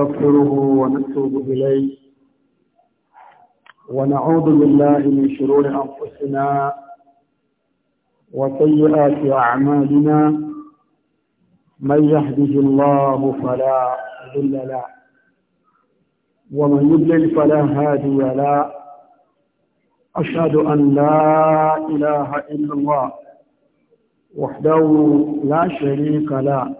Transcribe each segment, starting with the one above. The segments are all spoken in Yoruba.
نستغفره ونتوب إليه ونعوذ بالله من شرور أنفسنا وسيئات أعمالنا من يهده الله فلا مضل له ومن يضلل فلا هادي له أشهد أن لا إله إلا الله وحده لا شريك له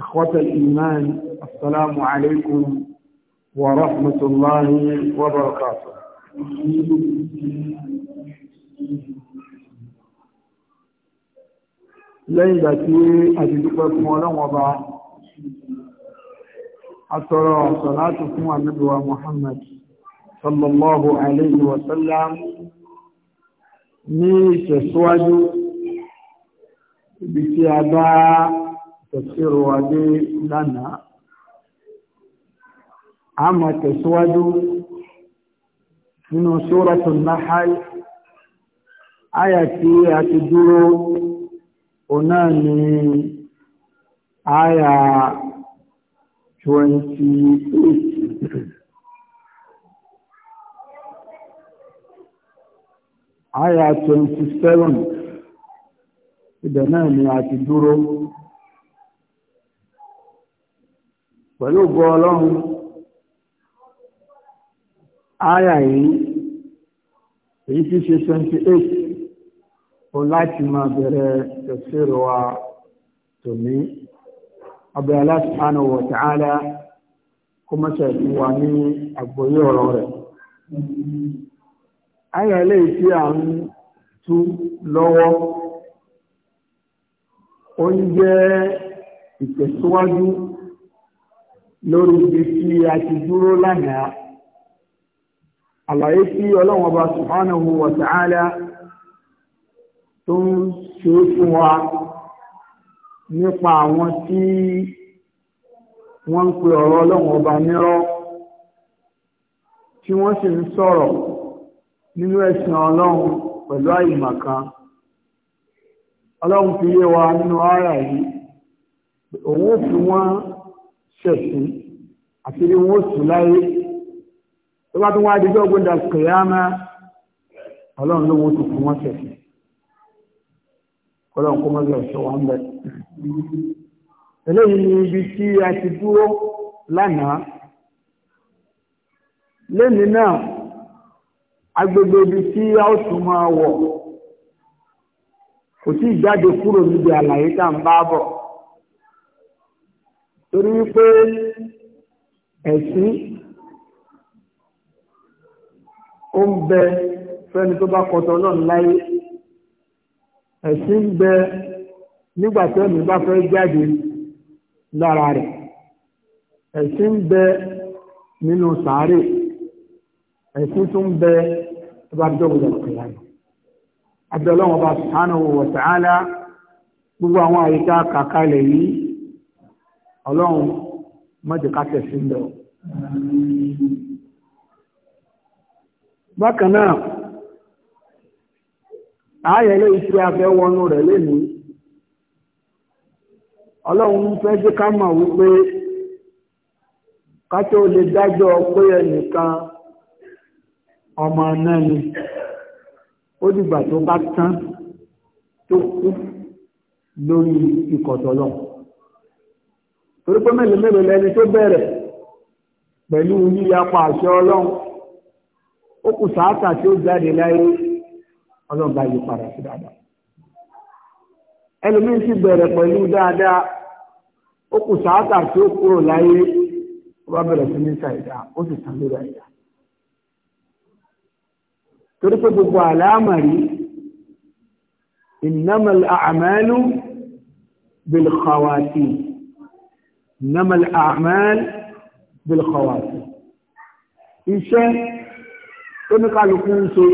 إخوة الإيمان السلام عليكم ورحمة الله وبركاته ليلة ذاتي أجدك مولا وضع الصلاة والصلاة على النبي محمد صلى الله عليه وسلم ني سواجو بيتي tẹ̀síro adé lánàá a máa tẹ̀síwájú nínú sóràtù náhàí àyà tí a ti dúró ọ̀nà ni àyà 28 àyà 27 ibẹ̀ náà ni a ti dúró pẹ̀lú ògo ọlọ́run áyà yìí èyí tí ṣe 28 o láti máa bẹ̀rẹ̀ tafsir wa tòní ọbẹ̀ ta'ala kó mọ́ṣẹ̀ fún wa ní àgbọ́yé ọ̀rọ̀ rẹ̀ tụ lọwọ tí à ń tú lórí ibi tí a ti dúró lánàá àlàyé tí ọlọ́run ọba subhanahu wa ta'ala tó ń ṣe fún wa nípa àwọn tí wọ́n ń pe ọ̀rọ̀ ọlọ́run ọba nírọ́ tí wọ́n sì ń sọ̀rọ̀ nínú ẹ̀sìn ọlọ́run pẹ̀lú àìmọ̀ kan ọlọ́run fi yé wa nínú ara yìí òun fi wọ́n ṣẹ̀sìn àti ní wọ́n sùn láyé tó bá tún wá di gbọ́gbọ́n dà kìyàmá ọlọ́run ló wọ́n tó fún wọn ṣẹ̀sìn ọlọ́run kó mọ́lẹ̀ ọ̀ṣọ́ wọn bẹ̀. eléyìí ni ibi tí a ti dúró lánàá lẹ́ni náà agbègbè ibi tí a ó tún máa wọ̀ kò tí ì jáde kúrò níbi àlàyé tá à ń bá bọ̀ torí wípé ẹ̀sìn ó ń bẹ fẹ́ni tó bá kọtọ ọlọ́run láyé ẹ̀sìn ń bẹ nígbà tí ẹ̀mí bá fẹ́ jáde lára rẹ̀ ẹ̀sìn ń bẹ nínú sàárè ẹ̀sìn tún ń bẹ tó bá dọ́gbọ̀dọ̀ kìlá abdulayi wọn bá subhanahu wa ta'ala gbogbo àwọn àyíká kàkálẹ̀ yìí ọlọ́run mọ́jẹ̀ káṣẹ̀ sí lọ bákan náà ààyẹ̀lẹ́ iṣẹ́ afẹ́ wọnú rẹ̀ lénìí ọlọ́run fẹ́ jẹ́ ká mọ̀ wípé ká tó lè dájọ́ pé ẹnìkan ọmọ náà ni ó dìgbà tó bá tán tó kú lórí ìkọ̀tọ̀lọ́run torí pé mélòó mélòó lẹni tó bẹ̀rẹ̀ pẹ̀lú yíyapa àṣẹ ọlọ́run ó kù sáàtà tí ó jáde láyé ọlọ́run bá yí padà sí dáadáa ẹlòmíín sì bẹ̀rẹ̀ pẹ̀lú dáadáa ó kù sáàtà tí ó kúrò láyé ó bá bẹ̀rẹ̀ sí ní ṣàìdá ó sì tán lórí àìdá torí pé gbogbo àlámàrí innamal a'malu bil khawatim. إنما الأعمال بالخواتم iṣẹ́ tó ní kálukú ń ṣe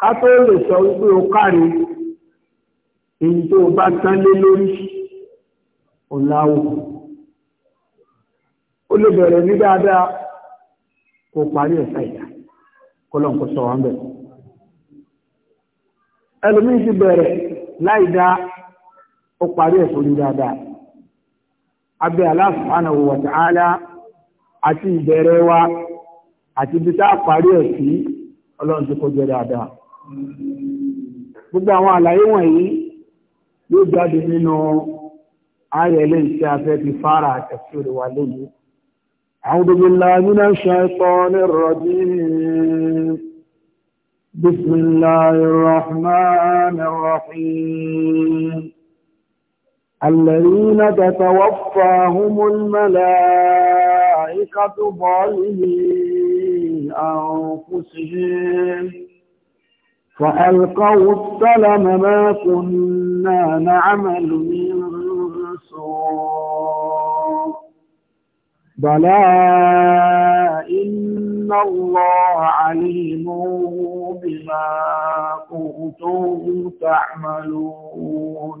ká tó lè sọ wípé o káre èyí tó bá tán lé lórí ọ̀làwò ó lè bẹ̀rẹ̀ ní dáadáa kò parí ẹ̀ka ìdá kọlọ̀ sọ wọn bẹ̀ ẹlòmíì ti bẹ̀rẹ̀ láì dá ó parí ẹ̀sùn ní dáadáa abẹ́ Allah subhanahu wa ta'ala àti ìbẹ̀rẹ̀ wa àti ibi tá a parí ẹ̀ sí ọlọ́run tó kọjọ dáadáa. Gbogbo àwọn àlàyé wọ̀nyí yóò jáde nínú ayẹ̀ lẹ́yìn tí a fẹ́ fara tafsir wa lónìí. A'udhu billahi minash shaytanir rajim. Bismillahir rahmanir rahim. الذين تتوفاهم الملائكة ظالمين أنفسهم فألقوا السلم ما كنا نعمل من سوء بلى إن الله عليم بما كنتم تعملون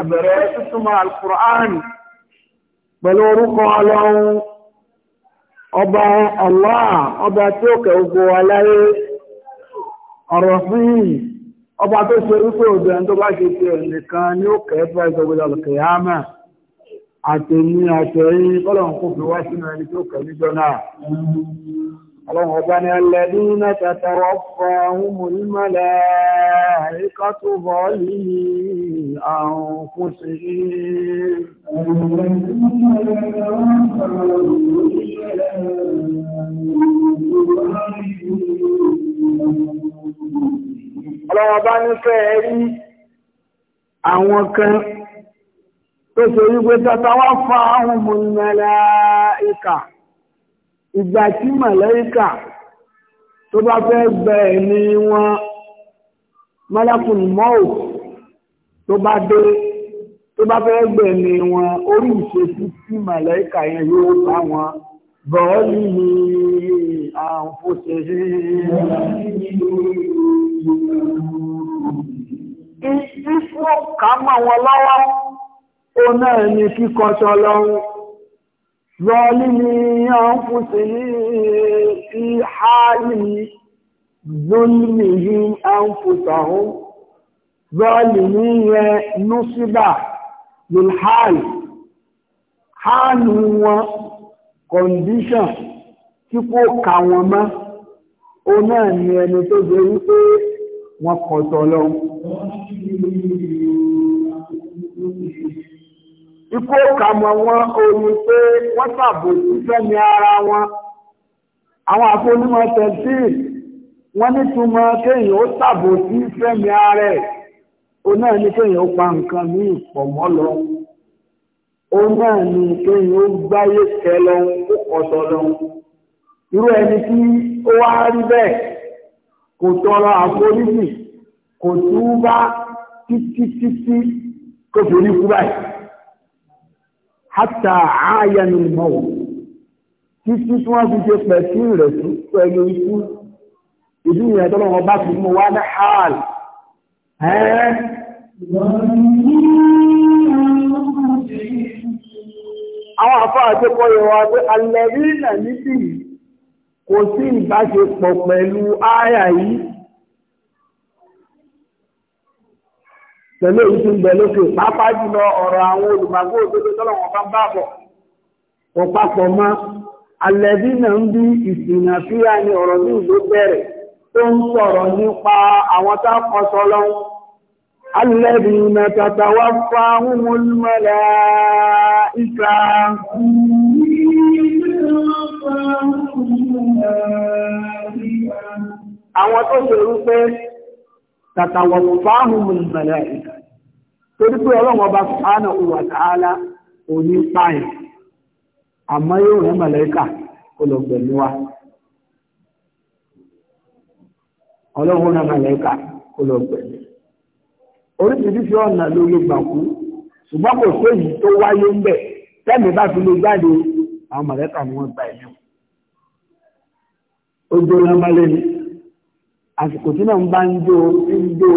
Àbẹ̀rẹ̀ súnmọ́ al pẹ̀lú orúkọ ọlọ́run ọba Allah ọba tí ó kẹ̀gbò aláyé ọ̀rọ̀ fún ọba tó ṣe wípé òbẹ̀rẹ̀ tó bá ṣe ṣe nìkan ní ó kẹ́ fẹ́ ìjọba kìyàmà àtẹ̀yìn àtẹ̀yìn رهبنا الذين تتوفاهم الملائكة ظالمي أنفسهم Ọlọ́wọ́ bá ní fẹ́ rí àwọn kan tó ṣe wípé tàtàwà fáwọn mọ̀lẹ́lá ìkà ìgbà tí màlẹ́ríkà tó bá fẹ́ gbẹ ẹ̀mí wọn malakul maut tó bá dé tó bá fẹ́ gbẹ ẹ̀mí wọn orí ìṣesí tí màlẹ́ríkà yẹn yóò bá wọn bọ́ọ̀lì ní àǹfọ̀ṣẹ́ṣẹ́ ìfúnka mọ̀ wọn lọ́wọ́ ó náà ní kíkọ́ sọ lọ́rùn. ظالمي أنفسهم في حال ظلمهم أنفسهم ظالمي نصب للحال حال هو condition tí kò kà wọ́n mọ́ ó náà ni ẹni tó ṣe wípé wọ́n kọ̀ tọ̀ ikú ọ̀kà mọ̀ wọn oòrùn pé wọ́n tàbí fẹ́mi ara wọn àwọn àfọlúmọ̀ tẹ̀sí wọ́n nítumọ̀ kéèyàn ó tàbí sí fẹ́mi ara ẹ̀ òun náà ni kéèyàn ó pa nǹkan ní ìpọ̀mọ́ lọ òun náà ni kéèyàn ó gbáyé tẹ lọ ó kọ̀tọ̀ lọ irú ẹni tí ó wá rí bẹ́ẹ̀ kò tọrọ àforíjì kò túbá títí títí kò fi rí kú báyìí hátà ààyànú mọ́wọ́ títí tí wọ́n fi ṣe pẹ̀sí rẹ̀ sí pẹ̀lú ikú ìdí ìyẹn tó lọ́wọ́ bá fi mú wá ní hàl ẹ́ẹ́ àwọn àfáà tó kọ́ yẹwà pé alẹ́rí náà níbi kò sí ìbáṣepọ̀ pẹ̀lú ááyà yìí pẹ̀lú èyí tí ń bẹ lókè pàápàá jùlọ ọ̀rọ̀ àwọn olùgbàgbọ́ òdodo tọ́lọ́wọ́n bá bá bọ̀ kò papọ̀ mọ́ alẹ́bí náà ń bí ìsìnà ni ọ̀rọ̀ ní ìlú bẹ̀rẹ̀ tó ń sọ̀rọ̀ nípa àwọn tá a sọ lọ́wọ́ alẹ́bí náà tata wá fa húnmọ́ lọ́lá ìka. àwọn tó ṣe wípé tàtàwọ̀ fáhùn màláìkà torí pé ọlọ́run ọba sùhánà òwà tààlà òní páyà àmọ́ yóò rẹ̀ màláìkà olùgbẹ̀mí wa ọlọ́run rẹ̀ màláìkà olùgbẹ̀mí oríṣiríṣi ọ̀nà ló lè gbà kú ṣùgbọ́n kò séyìí tó wáyé ń bẹ̀ tẹ́mi bá fi lè jáde àwọn màláìkà ni wọ́n gba ẹ̀mí o. ó àsìkò tí náà ń bá ń jó ń jó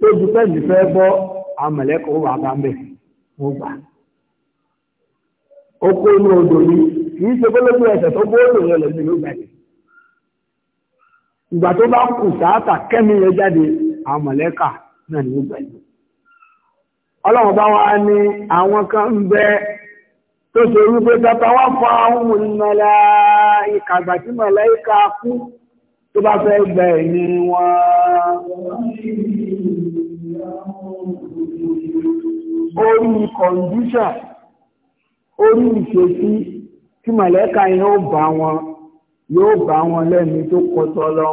tó ju pẹ́ẹ̀lú fẹ́ bọ́ àmọ̀lẹ́kọ̀ọ́ wà bá ń bẹ̀ wọ́n gbà. ó kó inú odò ni kì í ṣe pé lójú ẹsẹ̀ tó bó odò rẹ̀ lẹ́nu ló gbà yìí. ìgbà tó bá kù sáàtà kẹ́mi yẹn jáde àmọ̀lẹ́kà náà ni ó gbà yìí. ọlọ́run bá wa ní àwọn kan ń bẹ tó ṣe wípé tata wá fa ohun ìmọ̀lá ìkàgbà tí kú tó bá fẹ́ gba ẹ̀yìn wọn orí kọ̀ǹdíṣà orí ìṣesí tí mọ̀lẹ́ka yóò bá wọn yóò bá wọn lẹ́ni tó kọtọ lọ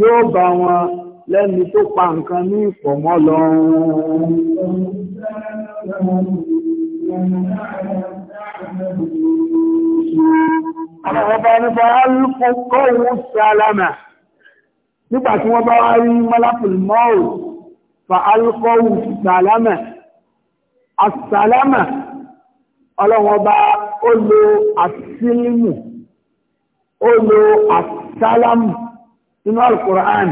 yóò bá wọn lẹ́ni tó pa nǹkan ní ìpọ̀mọ́ lọ Thank you ọba nípa alùpùpọ̀wò sálámà nígbà tí wọ́n bá wá rí mọ́lápùlmọ́wò fa alùpùpọ̀wò sálámà asálámà ọlọ́wọ́n bá ó lo àsílímù ó lo àsálámù nínú alùkùrán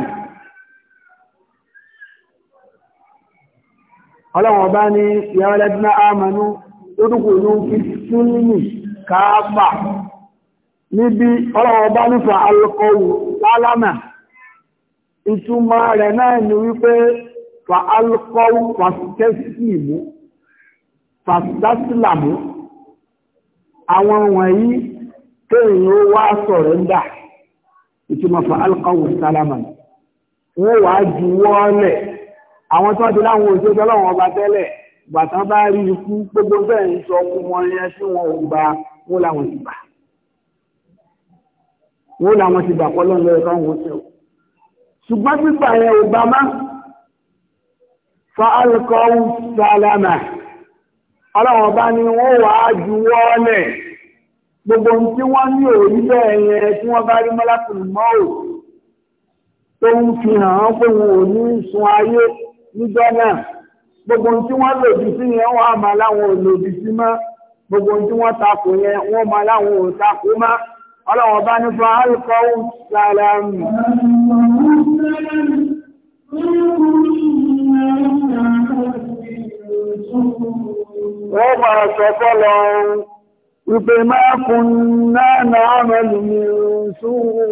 ọlọ́wọ́n bá ní ìyàwó lẹ́dínà ámànú lórúkùnrin fi súnmù káàpà níbi ọlọ́wọ́ bá nífà alkọwù lálámà ìtumọ̀ rẹ̀ náà ni wípé fa alkọwù fàṣítẹ́sìmù fàṣításílàmù àwọn wọ̀nyí kéèyàn ó wá sọ̀rọ̀ ń dà ìtumọ̀ fa alkọwù lálámà wọ́n wàá ju wọ́ọ́lẹ̀ àwọn tó ti láwọn òṣèlú ọlọ́wọ́ ọba tẹ́lẹ̀ gbàtán bá rí ikú gbogbo bẹ́ẹ̀ ń sọ fún wọn yẹn tí wọn ò gbà wọn làwọn ti gbà wo làwọn ti gbà pọ́lọ́ lọ́yọ̀ káwọn wọ́n tẹ̀ o ṣùgbọ́n pípa yẹn ò bá má fa alukọ́wù sálámà ọlọ́wọ́n bá ní wọ́n wà á ju wọ́ọ́lẹ̀ gbogbo ohun tí wọ́n ní òrí bẹ́ẹ̀ yẹn tí wọ́n bá rí mọ́lákùnrin mọ́ ò tó ń fi hàn án pé wọn ò ní sun ayé níjọ́ náà gbogbo ohun tí wọ́n lòdì sí yẹn wọ́n á láwọn ò lòdì sí mọ́ gbogbo ohun tí wọ́n takò yẹn wọ́n máa láwọn ò takò máa ọlọ́wọ́ bá ní fún alùkọ́ sàlámù wọ́n bọ̀rọ̀ sọ fọ́lọ wípé máa kún náà náà mẹ́lù ní ṣúwọ́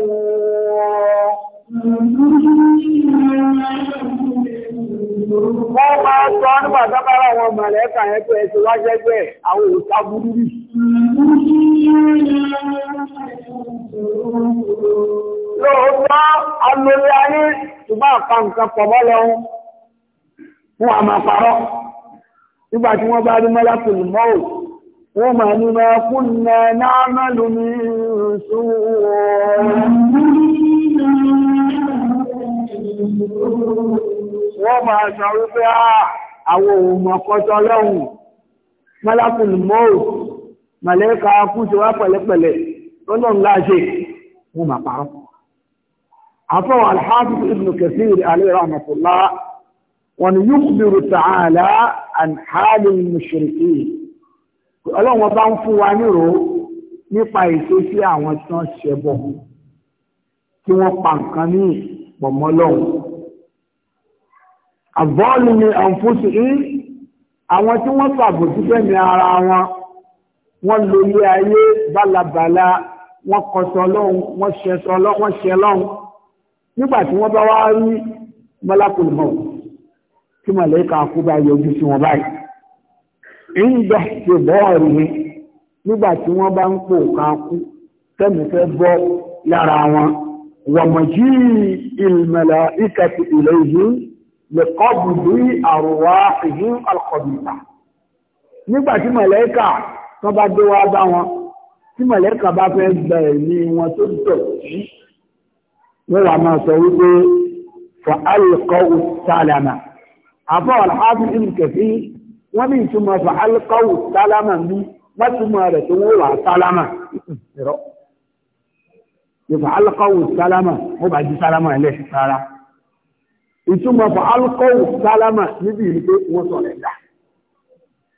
Wọ́n máa sọ nígbà sábára wọn mọ̀lẹ́kà yẹn pé ẹ̀sùn wájẹ́gbẹ̀ àwọn òòṣà burú rí. Lóòótọ́, alórí ayé ṣùgbọ́n àpá nǹkan pọ̀ mọ́ lọ́wọ́ fún àmà parọ́. Nígbà tí wọ́n bá rí mọ́lá pẹ̀lú mọ́ò, wọ́n máa sọ wípé ah, àwọn òun mọ̀kọ́tọ́ lọ́hùn mọ́lákùn mọ́ọ̀ màlẹ́ka kú ti wá pẹ̀lẹ́pẹ̀lẹ́ lọ́nà láṣẹ wọn máa parọ́ afọ́wọ́ alhafiz ibn kathir alayhi rahmatullah wọn yukbiru ta'ala an halil mushrikin ọlọ́wọ́n bá ń fún wa nírò nípa ìṣesí àwọn tí wọ́n ṣẹbọ tí wọ́n pa nǹkan ní pọ̀mọ́lọ́hùn àbọ́ọ̀lùmí àǹfóṣù ń àwọn tí wọ́n sàbòtúfẹ́ ní ara wọn wọ́n lo ilé ayé bálabàla wọ́n kọsọ lọ́hùn wọ́n ṣẹṣọ wọ́n ṣẹ lọ́hùn nígbà tí wọ́n bá wá rí mọ́lákùlùmọ̀ tí mọ̀lẹ́ka kú bá yọjú sí wọn báyìí ń gbà ṣe bọ́ọ̀rù nígbà tí wọ́n bá ń pò ká kú tẹ́mi fẹ́ bọ́ lára wọn wọ̀mọ̀jì ìlmẹ̀lá ìkàtì ìlẹ́yìn lẹ́kọ́bùdú àrùwá ìhún alkọ̀bìta nígbàtí mọ̀lẹ́kà tó bá dé wá bá wọn tí mọ̀lẹ́kà bá fẹ́ gba ẹ̀mí wọn tó dọ̀tí wọ́n wà máa sọ wípé fa alkọ́wù sálàmà àbọ̀ alhábí ìlú kẹfí wọ́n ní ìtumọ̀ fa alkọ́wù sálàmà ní wọ́n rẹ̀ tó wọ́n wà sálàmà ìrọ̀ ìfà alkọ́wù wọ́n bá di sálàmà ẹlẹ́sìn rárá ìtumọ̀ fún alukọ́wù sálámà níbi ìrìgbé wọ́n sọ̀rẹ̀ndà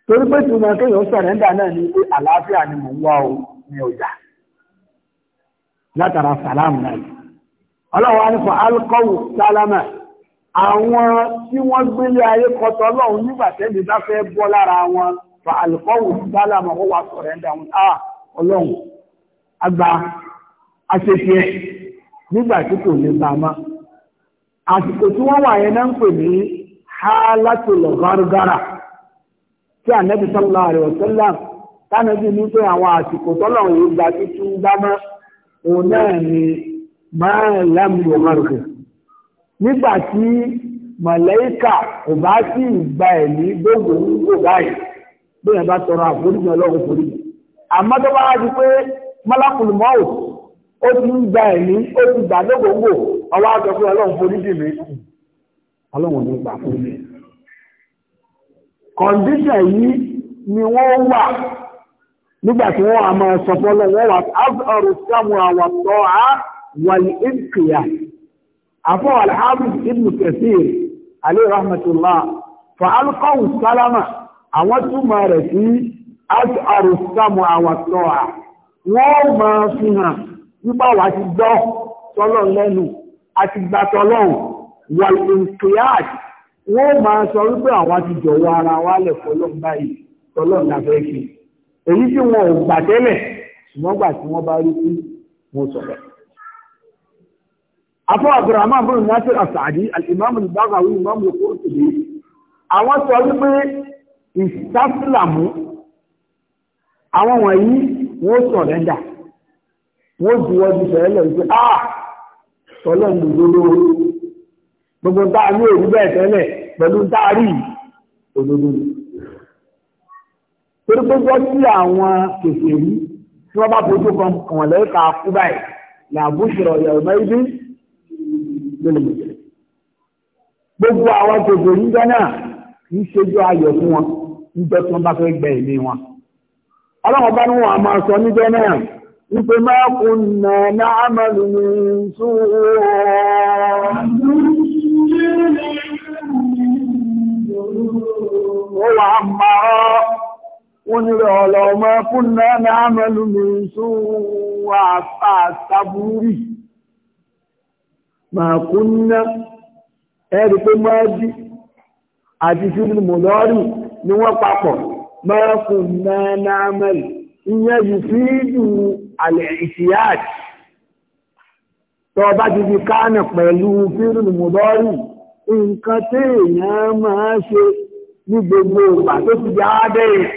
torí pé ìtumọ̀ kéèyàn sọ̀rẹ̀ndà náà ní pé àlàáfíà ni mò ń wá o ní ọjà látara sálámù náà ọlọ́wọ́ ní fún alukọ́wù sálámà àwọn tí wọ́n gbélé ayé kọtọ lọ́hùn nígbà tẹ́lẹ̀ bá fẹ́ bọ́ lára wọn fún alukọ́wù sálámà ó wà sọ̀rẹ̀ndà wọn á ah, ọlọ́hùn àgbà aṣèṣe nígbà tí kò lè bá a máa àsìkò tí wọ́n wà yẹn náà ń pè ní halatul gargara tí ànábì sallallahu alaihi wasallam tánàbí ní pé àwọn àsìkò tọ́lọ̀ òun gba títún dámọ́ òun náà ni máa lámì òmàrùkù nígbà tí màláíkà kò bá sí ìgbà ẹ̀mí gbogbo ń báyìí bí ẹ bá tọrọ àforíjì ọlọ́run foríjì àmọ́ tó bá wá di pé mọ́lákùnrin mọ́ọ̀ ó ti ń gba ẹ̀mí ó ti gbà lógbòǹgbò ọwọ́ àjọ pé ọlọ́run forí jì mí ọlọ́run ní gbà fún mi kọ̀ǹdíṣà yìí ni wọ́n wà nígbà wọ́n a máa wà á wà ní ìkìyà àfọ́ ibn fa sálámà àwọn túmọ̀ rẹ̀ sí á wọ́n máa àti gbàtọ̀ ọlọ́run wà ìkìyàd wọ́n máa sọ wípé àwọn ti jọ̀wọ́ ara wa lẹ̀ fọlọ́run báyìí tọlọ́run la fẹ́ fi èyí tí wọn ò gbà tẹ́lẹ̀ ṣùgbọ́n gbà tí wọ́n bá rí kú wọn sọ̀rọ̀. afọ abdulrahman bin nasir asadi alimami bagawi imami kurtubi àwọn sọ wípé ìsásílámù àwọn wọ̀nyí wọ́n sọ̀rẹ́ndà wọ́n juwọ́ ju sọ̀rẹ́lẹ̀ wípé ah tọ́lọ̀ ń dòdòdó gbogbo ń táa ní òrí bẹ́ẹ̀ tẹ́lẹ̀ pẹ̀lú ń táa rí òdòdó torí gbogbo sí àwọn kèfèrí tí wọ́n bá fojú kan kàn lẹ́ka kú báyìí làbúṣọ̀rọ̀ yàrá ibi lónìí gbogbo àwọn kèfèrí gánà kì í ṣojú ayọ̀ fún wọn níjọ́ tí wọ́n bá fẹ́ gbẹ ìlé wọn ọlọ́run bá ní wọn a sọ níjọ́ náà wípé máa kún nà láàmàlù ní ṣúwọ́ ó wà máa wọ́n ni rẹ̀ ọ̀lọ̀ ọmọ kún nà láàmàlù ní ṣúwọ́ àtàbúrì máa kún nà ẹ̀rì pé máa dí àti ṣúlù mọ̀lọ́rì ni wọ́n papọ̀ máa kún nà láàmàlù ìyẹn yìí fi alẹ́ ìṣíyáàtì tọ́ bá ti fi káànà pẹ̀lú fírùn mọ̀dọ́rì nǹkan tí èèyàn máa ṣe ní gbogbo ìgbà tó ti já bẹ́ẹ̀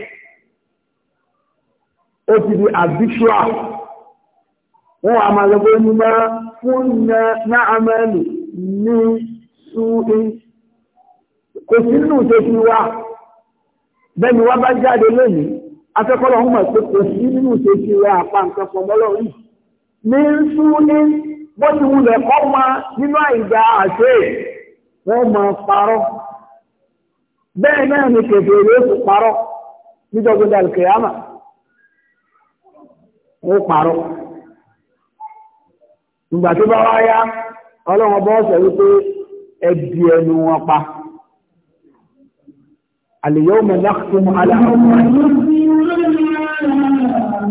ó ti di àbíṣúà wọ́n wà máa lọ́gbọ́ ní máa fún náàmẹ́lì ní ṣúrí kò sínú tó ti wá bẹ́ni wá bá jáde lónìí afẹ́kọ́lọ́ ọ̀hún mọ̀ pé kò sí nínú ìṣèṣì rẹ̀ àpá nǹkan fọmọ́lọ́ rí ní sú ní bó ti wulẹ̀ kọ́ ma nínú àìgbà àṣẹ wọ́n máa parọ́ bẹ́ẹ̀ náà ni kẹfẹ́ rẹ̀ ó parọ́ níjọ́gbọ́dà kẹyàmà ó parọ́ ìgbà tó bá wáyá ọlọ́run bọ́ sọ wípé ẹbí ẹnu wọn pa àlèyé ó náà tó mọ́ aláwọ̀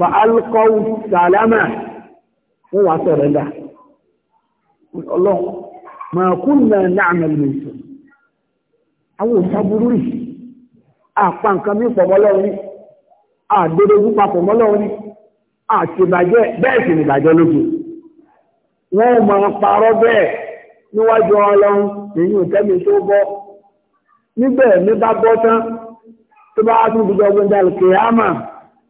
fa alqaw salama wọ́n wá sọ̀rọ̀ ẹ̀dá ọlọ́run ma kunna na'mal min sọ àwọn òṣàbúrú rí àpá nǹkan mí pọ̀ mọ́lọ́run rí àdédégún papọ̀ mọ́lọ́run rí àṣìbàjẹ́ bẹ́ẹ̀ sì nìbàjẹ́ lójú wọ́n mọ̀ parọ́ bẹ́ẹ̀ níwájú ọlọ́run èyí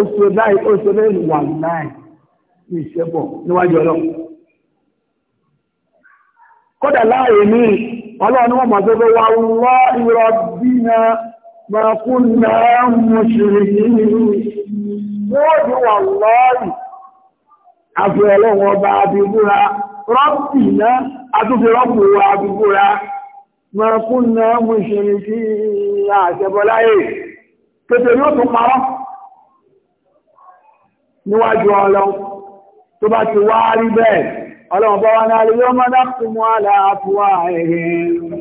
oṣù láì oṣù lẹ́yìn wà láì ní ìṣẹ́bọ̀ níwájú ọlọ́run kódà láàyè ní ọlọ́run wọ́n mọ̀ tó bó wà lọ́ ìrọ̀ bí na máa kú na mọ̀ṣìrì nínú wọ́n ní wà lọ́rì àfi ọlọ́run ọba abibúra rọ́pì náà àtúnfi rọ́pù wa abibúra máa kú na mọ̀ṣìrì sí àṣẹbọláyè kékeré ó tún parọ́ níwájú ọlọ́run tó bá ti wá rí bẹ́ẹ̀ ọlọ́run bá wá náà lè yọ́ mọ́dá fún mọ́ aláàfúwà ẹ̀hìn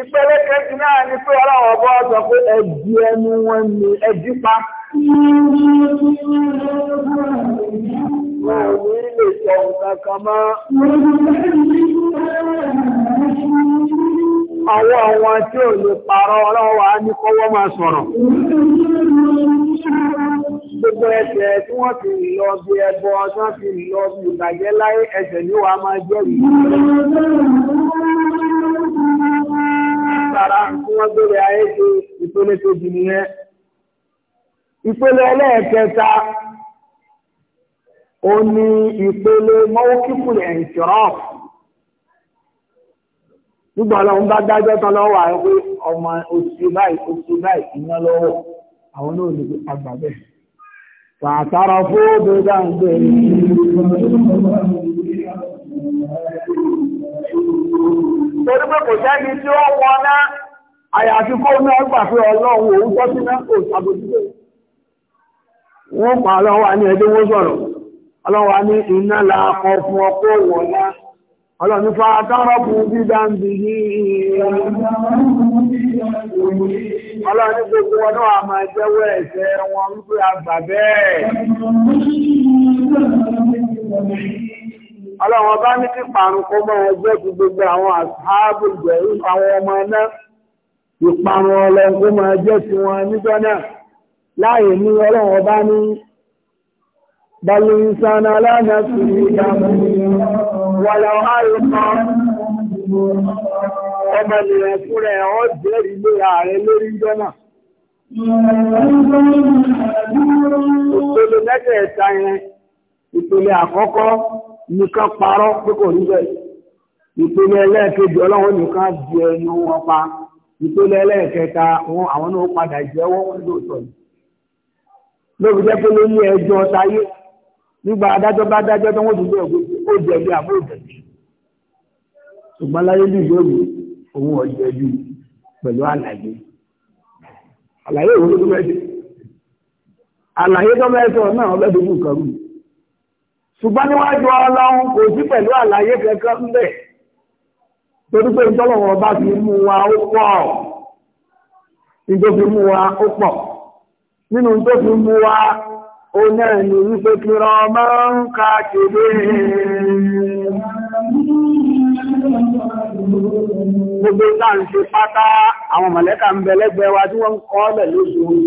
Ìpẹ́lẹ́kẹ́ ti náà ni pé ọlọ́wọ̀ bọ́ ọ̀sọ̀ pé ẹ̀dì ẹnu wọn ni ẹ̀dì pa. Wọ́n ní lè sọ nǹkan mọ́. Àwọn àwọn tí ò lè parọ́ ọlọ́wà ní kọwọ́ máa sọ̀rọ̀. Gbogbo ẹsẹ̀ tí wọ́n ti lọ bí ẹbọ ọdún ti lọ bí ìbàjẹ́ láyé ẹsẹ̀ ní wa máa jẹ́ rí. Sàrà tí wọ́n gbé ayé ìpele ẹlẹ́ẹ̀kẹta ó ní ìpele mọ́wókíkùlẹ̀ ìṣòràn nígbà ọlọ́run bá dájọ́ tán lọ́wọ́ àwọn pé ọmọ oṣù báyìí oṣù báyìí iná lọ́wọ́ àwọn náà lè àgbà bẹ́ẹ̀ fàtàrà fóòdó dáńgbé torí pé kò sẹ́ni tí ó wọná àyàfi kó náà gbà pé ọlọ́run òun tọ́ sí náà kò sàbòjúgbé wọ́n pa ọlọ́wà ní ẹdínwó sọ̀rọ̀ ọlọ́wà ní iná làkọ fún ọkọ̀ wọ̀lá ọlọ́ni fa atárọ́pù dídá ń bì ní ọlọ́ni gbogbo ọdún àmà ìjẹ́wọ́ ẹ̀ṣẹ̀ wọn wípé náà ìparun ọlọ́run kó mọ́ ẹgbẹ́ ti wọn níjọ́ láàyè ní ọlọ́run ọba ní balùnsánà aláàdáṣù ìdàmù wàlá àìkọ́ ọmọnìyàn fún rẹ̀ ọ́ jẹ́rìí lé ààrẹ lórí jọ́nà ìpele mẹ́tẹ̀ẹ̀ta yẹn ìpele àkọ́kọ́ nìkan parọ́ pé kò rí bẹ́ẹ̀ ìpele ẹlẹ́ẹ̀kejì ọlọ́run nìkan di ẹnu wọn pa ìpele ẹlẹ́ẹ̀kẹta àwọn náà padà jẹ́wọ́ wọn lóòótọ́ yìí lórí jẹ́ pé lórí ẹjọ́ táyé nígbà adájọ́ bá dájọ́ tó wọ́n ti gbé ògbé ó jẹ̀bi àbó ìjẹ̀bi ṣùgbọ́n láyé bí ìlú òun ọ̀jẹ̀bi pẹ̀lú àlàyé àlàyé ìwé tó mẹ́sẹ̀ àlàyé tó mẹ́sẹ̀ náà ọbẹ̀ tó mú ṣùgbọ́n níwájú ọlọ́run kò sí pẹ̀lú àlàyé kankan ń torí pé ìtọ́lọ̀wọ̀n bá fi mú wa ó pọ̀ nínú tó fi mú wa ó náà ní wípé kí rọ máa ń káàkiri gbogbo náà ń ṣe pátá àwọn mọ̀lẹ́kà ń bẹ wa tí wọ́n ń kọ́ ọ́lẹ̀ lóṣù wọ́n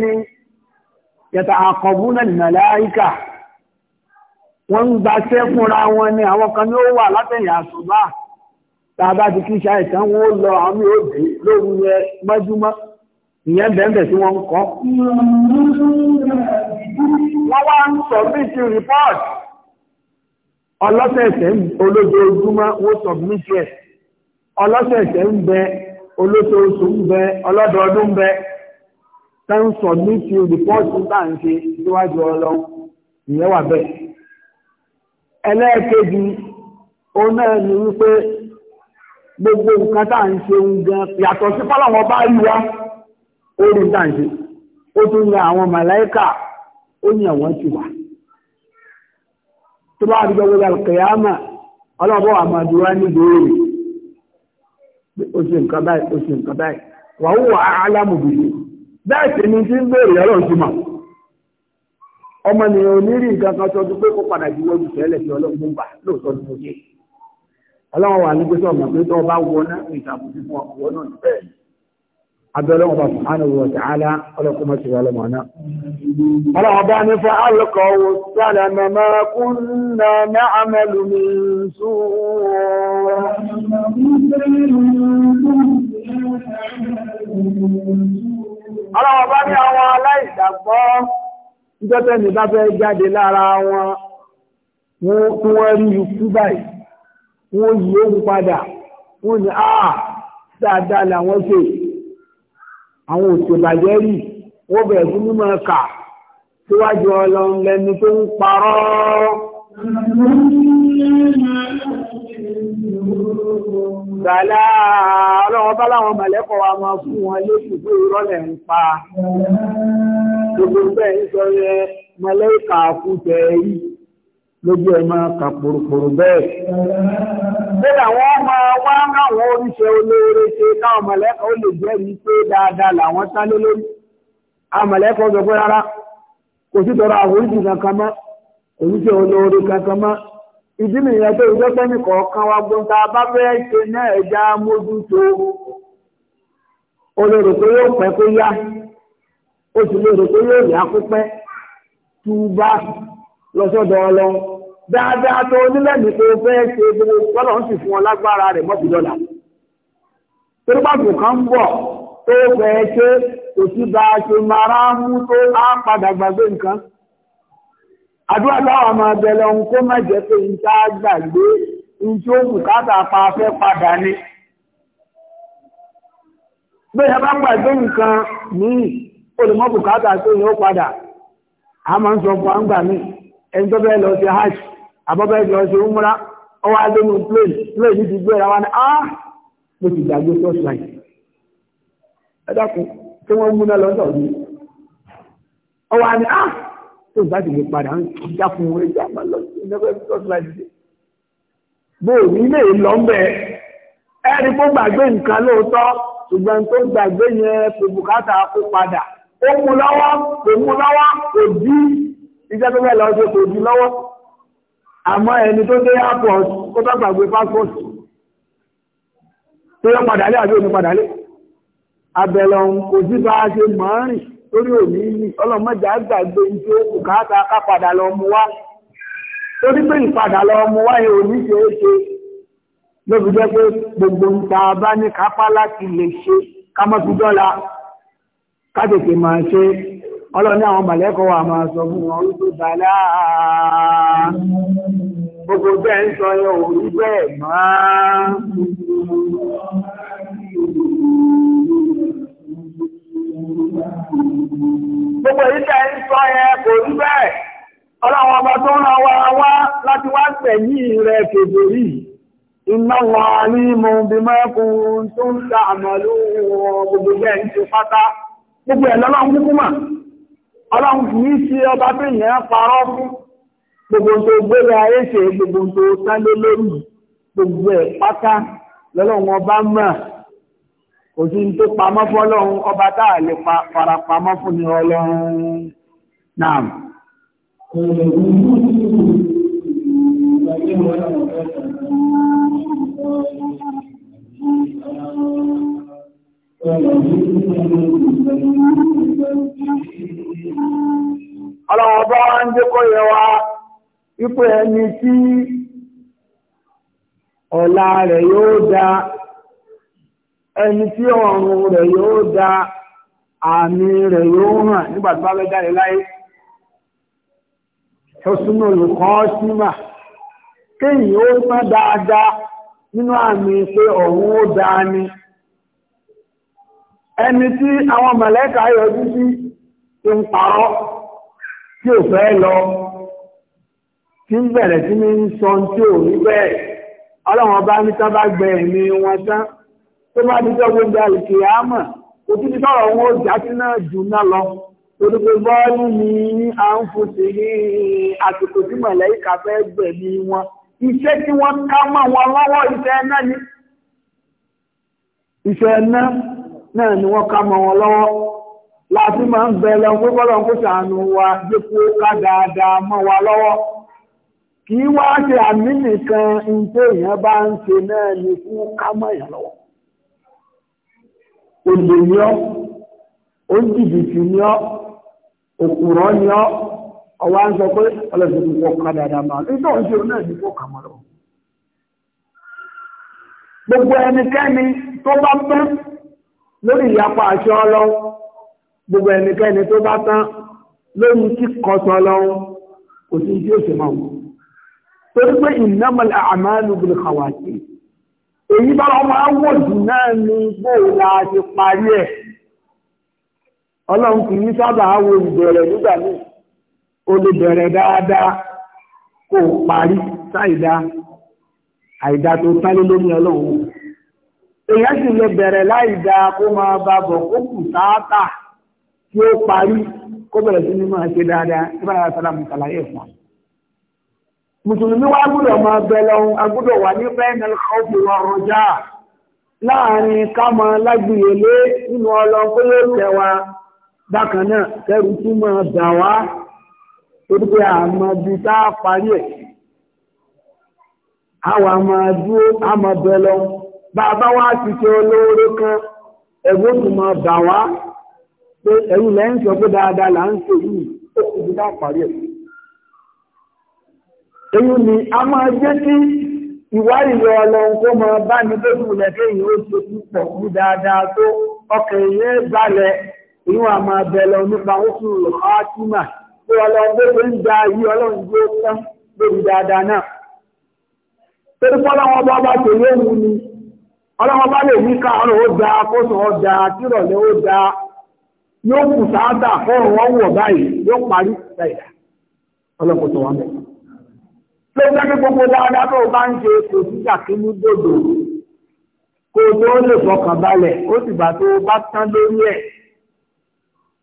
ni yàtà àkọ̀bú náà tàbá ti kí ṣàìsàn wọ́n lọ àmì òbí lórí ẹ mọ́júmọ́ ìyẹn bẹ̀ẹ̀bẹ̀ tí wọ́n ń kọ́. wọ́n wá ń sọ̀bíìtì report ọlọ́sẹ̀ẹ̀sẹ̀ olójoojúmọ́ wọ́n sọ̀bíìtì ẹ̀ ọlọ́sẹ̀ẹ̀sẹ̀ ń bẹ olóṣooṣù ń bẹ ọlọ́dọọdún ń bẹ tẹ́ ń sọ̀bíìtì report bá ń ṣe síwájú ọlọ́run ìyẹn wà bẹ́ẹ̀ ẹlẹ́ẹ̀kejì òun náà ni wípé gbogbo nǹkan tá à ń ṣe ń gan yàtọ̀ sí fọ́lọ́wọ́ bá rí wa ó rí tá ń ṣe ó tún àwọn màláíkà ó ti wà tó bá rí gbogbo alkiyama ọlọ́bọ̀ àmàdúrà níbi ó ṣe nǹkan báyìí ó ṣe nǹkan báyìí wà ọmọ nìyẹn ní sọ pé kó padà ju ọlọ́wọ́ wà ní gbésọ̀ ọmọ pé tó bá wọ náà ní ìṣàbùsí fún ọwọ́ náà ní bẹ́ẹ̀ abẹ́lẹ́ wọn bá fún àánú wọn ti àlá ọlọ́kùn mọ́ sí wọn lọ́mọ náà ọlọ́wọ́ bá ní fún alùkọ̀ wò sálà màmá kún náà ní àmẹ́lù mi sú ọlọ́wọ́ bá ní àwọn aláìgbàgbọ́ nítorí ẹni bá fẹ́ jáde lára wọn wọ́n rí ikú báyìí wọ́n yí ohun padà wọ́n ní àà ah, dáadáa làwọn ṣe àwọn òṣèbàjẹ́ rí wọ́n bẹ̀rẹ̀ fún mímọ́ ẹ̀ka síwájú ọlọ́run lẹ́ni tó ń parọ́. Gbàlá ọlọ́run bá láwọn mọ̀lẹ́kọ̀ọ́ wa máa fún wọn lóṣù tó irọ́ lẹ̀ ń pa. Gbogbo bẹ́ẹ̀ ń sọ yẹ mọ̀lẹ́kà fún tẹ̀ yìí lójú ẹ máa kà pòròpòrò bẹ́ẹ̀. Bẹ́ẹ̀ wọ́n máa wá láwọn oríṣẹ́ olóore ṣe káwọn mọ̀lẹ́kọ̀ọ́ lè jẹ́rìí pé dáadáa làwọn sálé lórí. Àwọn mọ̀lẹ́kọ̀ọ́ sọ pé rárá, kò sí tọrọ àforíjì kankan mọ́, oríṣẹ́ olóore kankan mọ́. Ìdí nìyẹn tó ìjọ sẹ́ni kọ̀ọ̀kan wa gbọ́n tá bá fẹ́ ṣe náà ẹja mójútó. O lè rò pé yóò pẹ́ kó yá, o sì lè rò pé yóò yá kó pẹ́, túbá lọ sọ́dọ̀ ọlọ́run. dáadáa tó onílẹ̀mí tó fẹ́ ṣe gbogbo tọ́lọ̀ ń sì fún ọ lágbára rẹ̀ mọ́bí dọ́là torípàtò kan ń bọ̀ tó fẹ́ ṣe kò sí bá ṣe mara mú tó á padà gbàgbé nǹkan àdúrà táwọn ọmọ ohun kó má pé gbàgbé bùkátà padà ni a máa ń sọ fún àǹgbà míì ẹni tó àbọ́bẹ́ ìjọ ṣe ń múra ọwọ́ adénú plane plane ti gbéra wá ní á ah! mo ti gbàgbé first line ẹ dákun tí wọ́n múná lọ́sọ̀ yìí ọwọ́ adé á tó bá ti lè padà ń já fún wọn ẹja máa lọ sí ẹgbẹ́ first line ṣe bóò ní ilé lọ ń bẹ ẹni tó gbàgbé nǹkan lóòótọ́ ṣùgbọ́n tó gbàgbé yẹn kò bùkátà kó padà ó mú lọ́wọ́ kò mú lọ́wọ́ kò dí iṣẹ́ tó fẹ́ lọ ṣe kò dí lọ́wọ́ àmọ́ ẹni tó dé airport kó tó gbàgbé passport tó yọ padà lé àbí òní padà lé abẹ̀lọ̀ kò sí bá a ṣe mọ̀ ń rìn lórí òní ní ọlọ́mọdé àgbàgbé tí ó kù káàkà ká padà lọ mú wá torí pé ìpadà lọ mú wá yẹn òní ṣe é ṣe ló fi jẹ́ pé gbogbo ń ta bá ní kápá láti lè ṣe ká mọ́ fi dọ́la ká tètè máa ṣe é ọlọ́ni àwọn mọ̀lẹ́kọ̀ wà máa sọ fún wọn rúgbò bàlá gbogbo bẹ́ẹ̀ ń sọ yẹ kò rí bẹ́ẹ̀ ọba tó rán wa wá láti wá sẹ̀yìn rẹ̀ kèdè rí iná wọn ní mo bí mẹ́kùn tó ń ta àmàlú gbogbo bẹ́ẹ̀ ń pátá gbogbo ẹ̀ lọ́lọ́run ọlọ́run kì í ṣe ọba tó yẹn parọ́ fún gbogbo tó gbélé ayé ṣe gbogbo tó sálé lórí gbogbo ẹ̀ pátá lọ́lọ́run ọba mọ̀ kò sí tó pamọ́ fọ́lọ́run ọba tá a lè fara pamọ́ fún ni ọlọ́run náà. Thank you. Ọlọ́wọ́ bá wá ń jẹ́ kó yẹ ẹni tí ọ̀la rẹ̀ yóò dá, ẹni tí ọ̀run rẹ̀ yóò dá, àmì rẹ̀ yóò hàn nígbàtí bá fẹ́ jáde láyé. Ṣọ́súnú olùkọ́ símà, kéyìn ó mọ́ dáadáa nínú àmì pé ọ̀run ó dáa ni. ẹni tí àwọn mẹ̀lẹ́kà yọjú sí ti ń parọ́ tí ò fẹ́ lọ tí ń bẹ̀rẹ̀ sí ní sọ tí ò rí bẹ́ẹ̀ ọlọ́run ọba ní tá bá gbẹ ẹ̀mí wọn tán tó bá ti tọ́ gbogbo àlùkè àmọ̀ kò tí ti sọ̀rọ̀ wọn ó jásí náà jù náà lọ torí pé bọ́ọ̀lù ni à ń fòsì ní àsìkò tí mọ̀lẹ́kà fẹ́ gbẹ̀mí wọn iṣẹ́ tí wọ́n ká mọ́ wọn lọ́wọ́ iṣẹ́ náà ni iṣẹ́ náà náà ni wọ́n ká wọn lọ́wọ́ láti máa ń bẹ lọ́n pé bọ́lọ̀ kó wa dípò ká dáadáa mọ́ wa lọ́wọ́ kì í wá ṣe àmì nìkan èèyàn bá ń ṣe náà ni kú ká mọ́ èèyàn lọ́wọ́ olè ni ọ́ ó ni ọ́ ní gbogbo ẹnikẹ́ni tó bá lórí ìyapa àṣẹ ọlọ́run gbogbo ẹnikẹ́ni tó bá tán lórí kíkọsọ ọlọ́run kò sí tí ó ṣe máa wù torí pé innamal a'malu bil khawatim èyí bá wọn máa wò náà ní gbòòlà àti parí ẹ̀ ọlọ́run kì í sábà wo ìbẹ̀rẹ̀ nígbà míì o lè bẹ̀rẹ̀ dáadáa kó parí sáìdá àìdá tó tálé lórí ọlọ́run èèyàn sì lè bẹ̀rẹ̀ láì dáa kó máa bá bọ̀ kó kù sáátà tí ó parí kó bẹ̀rẹ̀ sí ní máa ṣe dáadáa tí báyà wa. mùsùlùmí wa gbúdọ̀ máa bẹ lọ́hùn agbúdọ̀ wà ní bẹ́ẹ̀nà ọ̀fìn wa rọjá láàrin ká máa lágbìyèlé nínú ọlọ́run pé yóò kẹrù tí máa dà wá torí pé àmọ́ bí parí ẹ̀ àwa máa dúró àmọ́ bàbá wa ti ṣe olóore kan ẹ̀rù tó máa bà wá pé ẹ̀rù lẹ́ ń sọ pé dáadáa là ń ṣe yìí ó kù bí dá parí ẹ̀. èyí ni a máa jẹ́ kí ìwà ìlú ọlọ́run kó máa bá ní lójú rẹ̀ kéèyàn ó ṣe púpọ̀ ní dáadáa tó ọkàn ìyẹn balẹ̀ ìwọ̀n a máa bẹ̀rẹ̀ nípa oṣù ọ̀hátìmà pé ọlọ́run tó ṣe ń da ayé ọlọ́run tó tán lórí dáadáa náà. torí pọ́lọ́wọ́n bá bá tòlé òun ni ọlọ́wọ́ bá lè ní káàrọ̀ ó da kóso ó da tírọ̀lẹ́ ó da yóò kù sáádà fọ́rùn wọ́n wọ̀ báyìí yóò parí ṣàìdá ọlọ́pọ̀ tó wọ́n bẹ̀. ló jẹ́ pé gbogbo dáadáa tó bá ń ṣe kò sí jàkínú dòdò kó tó lè fọkàn balẹ̀ ó sì bá tó bá tán lórí ẹ̀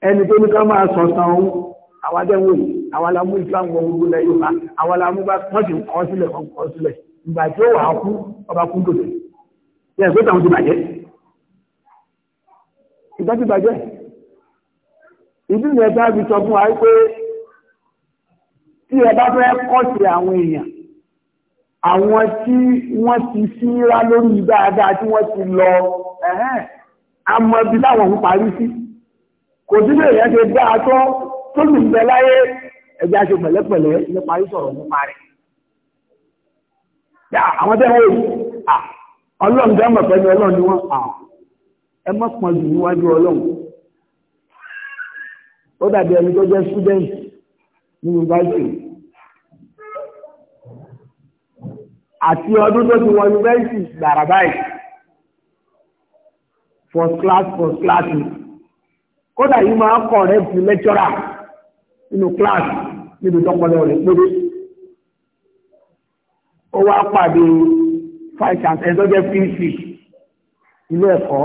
ẹni tó ní ká máa sọ̀tàn ohun àwádẹ́wò yìí àwàlámú islam wọn gbogbo lẹ́yìn wa àwàlámú bá wọ́n ti kọ́ sílẹ̀ kọ́ sílẹ̀ ìgbà tí ó wà á kú ọba kú dòdò ní ẹ̀gbẹ́ tàwọn ti bàjẹ́ ìgbà ti bàjẹ́ ìdí ni ẹ̀dá fi sọ fún wa pé tí ẹ bá fẹ́ kọ́sì àwọn èèyàn àwọn tí wọ́n ti síra lórí dáadáa tí wọ́n ti lọ ẹ̀hẹ́n amọ̀bí láwọn ń parí sí kò sí àwọn tẹ́wọ́ yìí ọlọ́run dámà pẹ̀lú ọlọ́run ni wọ́n à ẹ má pọn jù níwájú ọlọ́run ó dàbí ẹni tó jẹ́ student ní yunifásitì àti ọdún tó ti wọ yunifásitì gbàrà báyìí first class first class kódà yìí máa kọ̀ rẹ̀ fi lecturer nínú class níbi tọ́pọ̀lọ́ rẹ̀ péré ó wá pàdé five chance ẹ̀ńtọ́ jẹ́ free fish ilé ẹ̀kọ́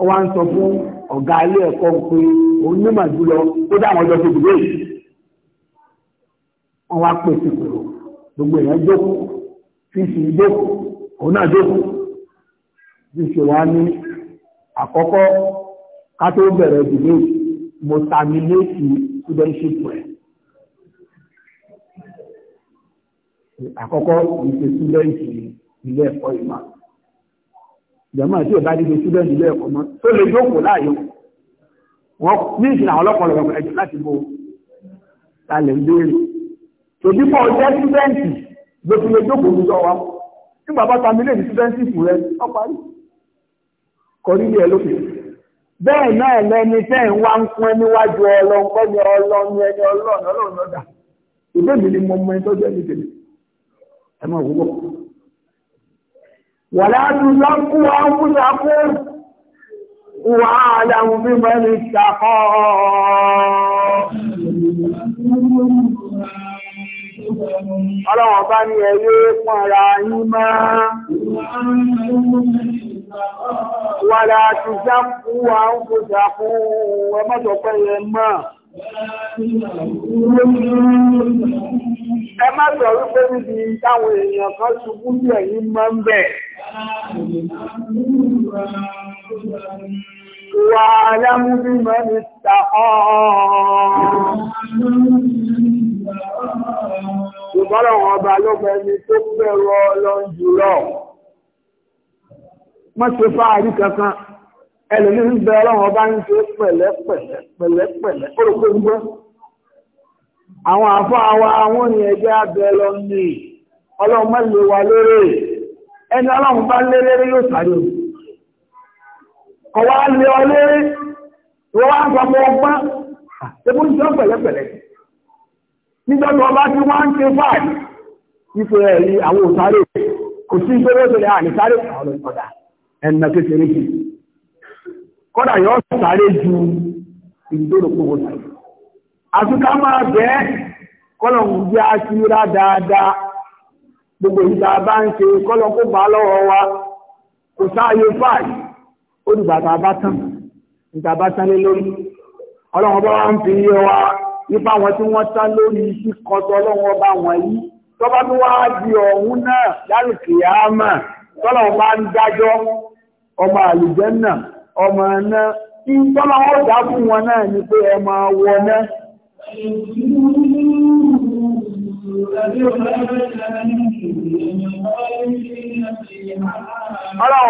ó wá ń sọ fún ọ̀gá ilé ẹ̀kọ́ pé òun ní mà jùlọ ó dá àwọn ọjọ́ tó dùgbò yìí wọ́n wá pè sí pèrò gbogbo èèyàn jókòó fish jókòó òun náà jókòó bí ṣe wá ní àkọ́kọ́ ká tó bẹ̀rẹ̀ dùgbò yìí mo terminate studentship rẹ̀. àkọ́kọ́ ìṣe student yìí ilé ẹ̀kọ́ ìmọ̀ ìjọba tí ò bá dìde síbẹ̀ nílé ẹ̀kọ́ mọ́ tó lè jókòó láàyò wọn ní ìsìn àwọn ọlọ́pàá lọ́wọ́ ẹ̀jẹ̀ láti bo talẹ̀ ń béèrè tòbí pọ̀ jẹ́ síbẹ̀ǹtì ló fi lè jókòó lójọ́ wa tí bàbá ta mi lè ní síbẹ̀ǹtì fún rẹ ọ parí kọrí ilé ẹ lókè bẹ́ẹ̀ náà lẹni tẹ́ ń wá ń pọ́n níwájú ọlọ́nkọ́ ni ọlọ́run ẹni ọlọ́run ọlọ́run ọ̀dà ìbéèrè ni mo mọ ولا تزكوا أنفسكم وأعلم بمن اتقى Ọlọ́wọ̀n bá ní ẹ̀yẹ́ pọ̀nra yín máa wà láti jákú àwọn òṣàkú ẹmọ́jọ̀pẹ́ yẹn máa ẹ má sọ wípé níbi táwọn èèyàn kan ṣubú sí ẹ̀yìn mọ́ ń bẹ̀. Wà á lámú bí mọ́ ní ta Ìbọ́lọ̀ wọn ọba ló bẹ ni tó bẹ̀rọ ọlọ́run jùlọ. Wọ́n ṣe fáàrí kankan, ẹlòmí ń bẹ ọlọ́run ọba ń ṣe pẹ̀lẹ́pẹ̀lẹ́ pẹ̀lẹ́pẹ̀lẹ́, ó rò pé ń gbọ́. àwọn àfọ́ àwa àwọn ni ẹgbẹ́ abẹ́ lọ ní ọlọ́run mẹ́lẹ̀ wa lérè ẹni ọlọ́run bá lé lérè yóò sáré o kọ̀ wá lé wá ń sọ ọgbọ́n tí wọ́n ń ẹ̀rí àwọn àtúkà máa bẹ́ kọ́lọ̀kùn jẹ́ aṣíra dáadáa gbogbo ìta bá ń ṣe kọ́lọ̀kùn bá lọ́wọ́ wa kò sáàyè fáàyè ó dìgbà tá a bá tán ìta bá tán lé lórí ọlọ́run bá wá ń fi yé wa nípa àwọn tí wọ́n tán lórí kíkọtọ ọlọ́run ọba wọn yìí tọ́ba tó wá di ọ̀hún náà lálùkì yáàmà tọ́lọ́run bá ń dájọ́ ọmọ àlùjẹ́ náà ọmọ náà tí tọ́lọ́run dá fún wọn náà ni pé ẹ máa wọ náà Ọlọ́run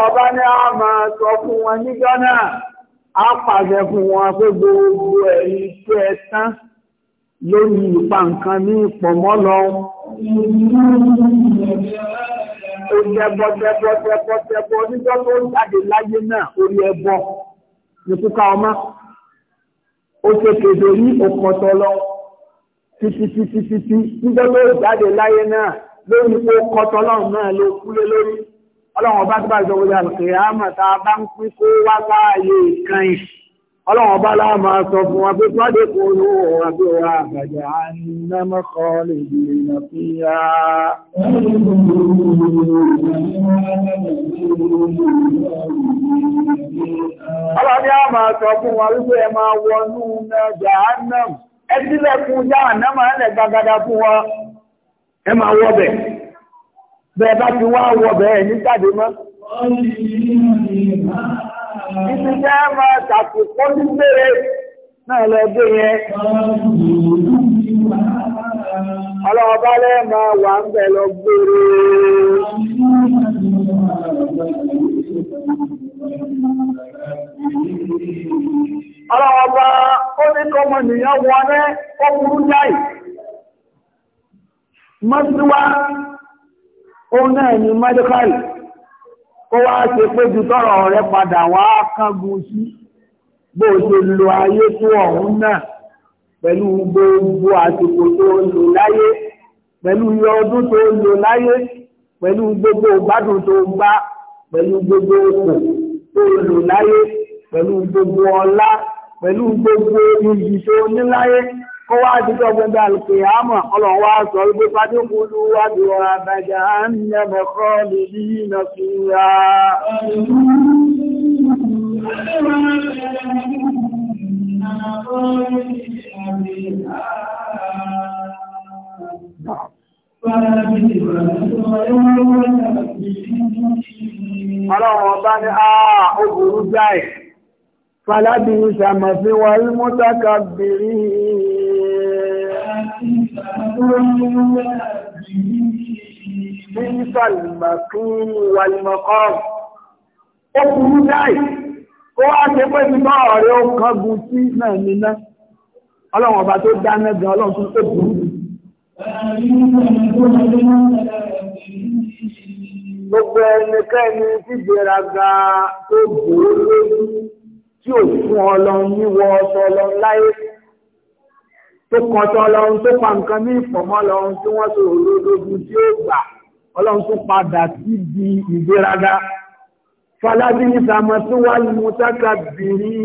ọba ní a máa sọ fún wọn níjọ́ náà, a pàṣẹ fún wọn pé gbogbo ẹ̀yìn tó ẹ tán lórí ipa nǹkan ní ìpọ̀mọ́ Ó jẹbọ jẹbọ jẹbọ jẹbọ níjọ́ tó jáde láyé náà orí ẹbọ ní kúkà ọmọ ó ṣe kéde ní ọkọ̀tọ̀ lọ títí títí títí nígbà tó jáde láyé náà lórí ọkọ̀tọ̀ lọ́run náà ló kúlé lórí ọlọ́run ọba tó bá ìjọba ìjọba ìjọba tá a bá ń pín kó wá sáàyè kan yìí ọlọ́run ọba láà máa sọ fún wa pé pàdé kò ní òun àbí òun àgbàjà ànámọ́kọ́ lè dìrìnà fi ya. ọlọ́ni a máa sọ fún wa wípé ẹ máa wọnú mẹ́jà ánàm ẹ sílẹ̀ fún já ànámọ́ ẹ̀lẹ̀ gbagada fún wa ẹ máa wọbẹ̀ bẹ́ẹ̀ bá ti wá wọbẹ̀ ẹ̀ ní jáde mọ́. Ibi jẹ́ máa ṣàkùkọ́ sí péré náà lọ gbé yẹn. Ọlọ́wọ́ bá lẹ́ máa wà ń bẹ̀ lọ gbére. Ọlọ́wọ́ bá ó ní kọmọ nìyàn wọlé ọkùnrú jáì. Mọ́síwá, ó náà ni Mẹ́díkàlì kó wá ṣe pé ju tọ́rọ̀ rẹ padà wá kángun sí bó ṣe lo ayé tó ọ̀hún náà pẹ̀lú gbogbo àsìkò tó lò láyé pẹ̀lú iye ọdún tó lò láyé pẹ̀lú gbogbo ìgbádùn tó gbá pẹ̀lú gbogbo òkò tó lò láyé pẹ̀lú gbogbo ọlá pẹ̀lú gbogbo iyì tó ní láyé kó wá àdúgbò gbẹgbẹ àlùkò àmọ́ ọlọ́run wá sọ wípé pàdé kúlú wá bí wọn àbàjá ń yẹmọ kọ́ mi ní iná fi ra. Ọlọ́run ọba ní àà ó jáì, Fàlábí ìṣàmọ̀ fi wọ́n mú Ó burú dáì, ó wá ṣe pé ti bá ọ̀rẹ́ ó kọgùn sí náà níná. Ọlọ́run ọba tó dá mẹ́gbẹ̀ ọlọ́run tó tó burú. Gbogbo ni tí gbéraga tó bòó lórí tí ò fún ọlọ́run níwọ ọ̀ṣọ́ ọlọ́run láyé sí tó kọtọ lọ́run tó pa nǹkan ní ìfọ̀mọ́ lọ́run tí wọ́n sọ olódogun tí ó gbà ọlọ́run tó padà sí di ìgbéraga falábí ní sàmọ́ tó wá ìmú sáka bìrì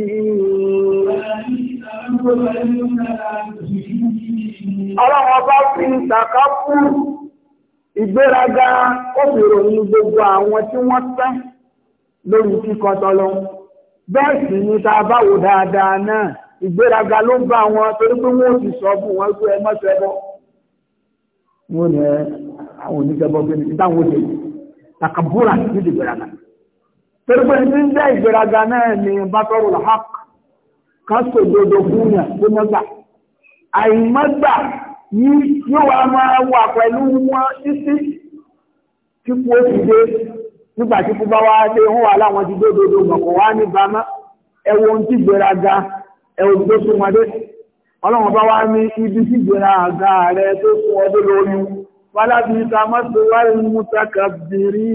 ọlọ́run ọba fi ìtàkà fún ìgbéraga ó fi ròyìn gbogbo àwọn tí wọ́n tán lórí kíkọtọ lọ́run bẹ́ẹ̀ sì ni tá a bá wò dáadáa náà ìgbéraga ló ń bá wọn torí pé wọ́n ti sọ fún wọn pé ẹ má ṣe ẹbọ wọ́n ní àwọn oníṣẹ́bọ pé ní táwọn ó ṣe takabura ní ìgbéraga torí pé ní ń jẹ́ ìgbéraga náà ni bátọ́rù làhák ká sòdodo fún yàn tó mọ́gbà àìmọ́gbà yóò wá máa wà pẹ̀lú wọn títí tí kú ó fi dé nígbà tí kú bá wá dé wọn wà láwọn ti dódodo gbọ̀ngàn wá ní bámá ẹwọ́n ti gbéraga ẹ̀wọ̀n tó sún wọn dé ọlọ́run bá wá ní ibi tí ìgbéra àga rẹ tó sún ọdún lórí wálábí ta mọ́tò wáyé mú takàbìrí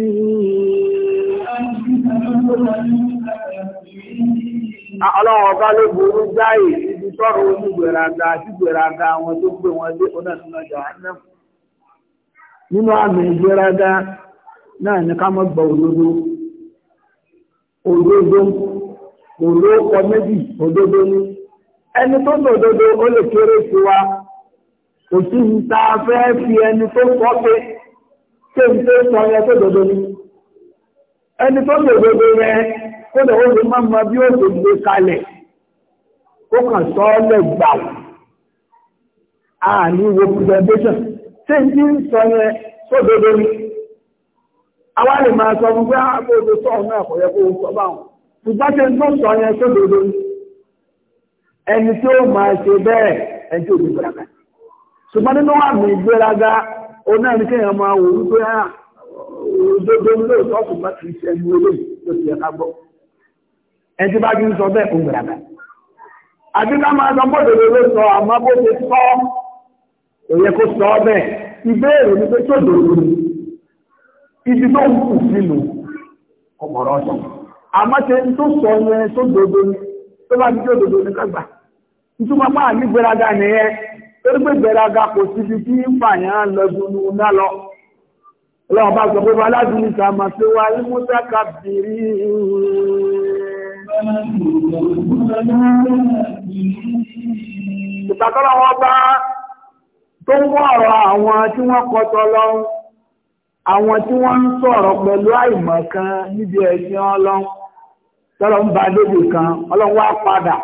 ọlọ́run ọba ló burú jáì ibi sọ́rọ̀ onígbèrè àga àti ìgbèrè àga àwọn tó gbé wọn dé kò ló kọ méjì òdodo ní ẹni tó sọ òdodo ó lè kéré sí wa kò sí ní ta fẹ́ fi ẹni tó sọ pé tó ń tó sọ yẹn tó òdodo ní ẹni tó sọ òdodo rẹ kó lè ó lè má mọ bí ó gbé kalẹ̀ ó kàn sọ ọ́ lẹ̀ gbà á ní wo presentation tí ń tí ń sọ yẹn tó òdodo ní àwa lè máa sọ fún pé àbò ah, òdodo sọ̀rọ̀ náà kò yẹ kó sọ báwọn ìgbàṣe ń tó sọ yẹn tó dodo ẹni tí ó máa ṣe bẹ́ẹ̀ ẹni tí ò ní gbéraga ṣùgbọ́n nínú àmì ìgbéraga oná ẹni kéèyàn máa wò wípé ah, òdodo lóòótọ́ ṣùgbọ́n kì í ṣe ẹni olóyè tó ti yẹ ká gbọ́ ẹni tí bá ti ń sọ bẹ́ẹ̀ kó gbéraga àti ká máa sọ bódodo ló sọ àmọ́ bó ṣe sọ òye kó sọ bẹ́ẹ̀ ìbéèrè ni pé tó dodo ibi tó ń kù sínú ọmọ ọ̀rọ̀ ọ̀sán àmọ́tẹ tó sọ ní ẹni tó dòdò ní tó bá ti tó dòdò ní kọgbà ìtumọ̀ máa ní gbéraga nìyẹn torí pé gbéraga kò síbi tí ń fàyàn lọ́dún ná lọ ọlọ́run bá sọ pé bá láti ní sàmà sí wa ní mútàkà bìrì ìtàkọ́lọ́ wọn bá tó ń wọ́ ọ̀rọ̀ àwọn tí wọ́n kọtọ lọ́run àwọn tí wọ́n ń sọ̀rọ̀ pẹ̀lú àìmọ̀kan níbi ẹ̀sìn ọlọ́run tọ́rọ ń ba lóbi kan ọlọ́wọ́ padà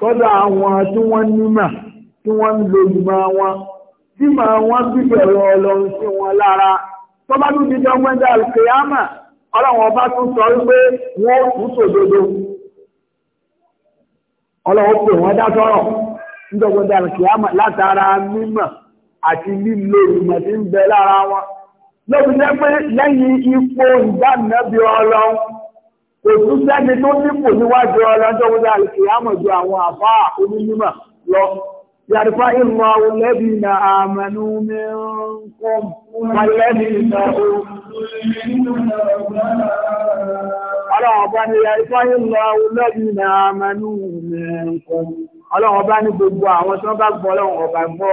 tọ́dọ̀ àwọn tí wọ́n nímọ̀ tí wọ́n ń lo ìmọ̀ wọn tí mọ̀ wọn bíbẹ̀rẹ̀ ọlọ́run sí wọn lára tó bá tún dídán mẹ́ta kìyàmà ọlọ́wọ́ bá tún sọ wípé wọ́n kú sòdodo ọlọ́wọ́ pè wọ́n dá sọ́rọ̀ nígbàgbọ́dá kìyàmà látara mímọ̀ àti lílo ìmọ̀ tí ń bẹ lára wọn lóbi lẹ́yìn ipò ìdánilẹ́bí ọlọ́run òtú sẹ́ni tó nípò níwájú ọlọ́jọ́ wọlé àlùkìyàmọ̀ ju àwọn àbá onímọ̀ lọ. Yàrìfá ìmọ̀ olẹ́bí na àmànú mẹ́rànkún pàlẹ́bí na Ọlọ́run bá ní yàrìfá ìmọ̀ na àmànú mẹ́rànkún. Ọlọ́run bá gbogbo àwọn tí wọ́n gbọ́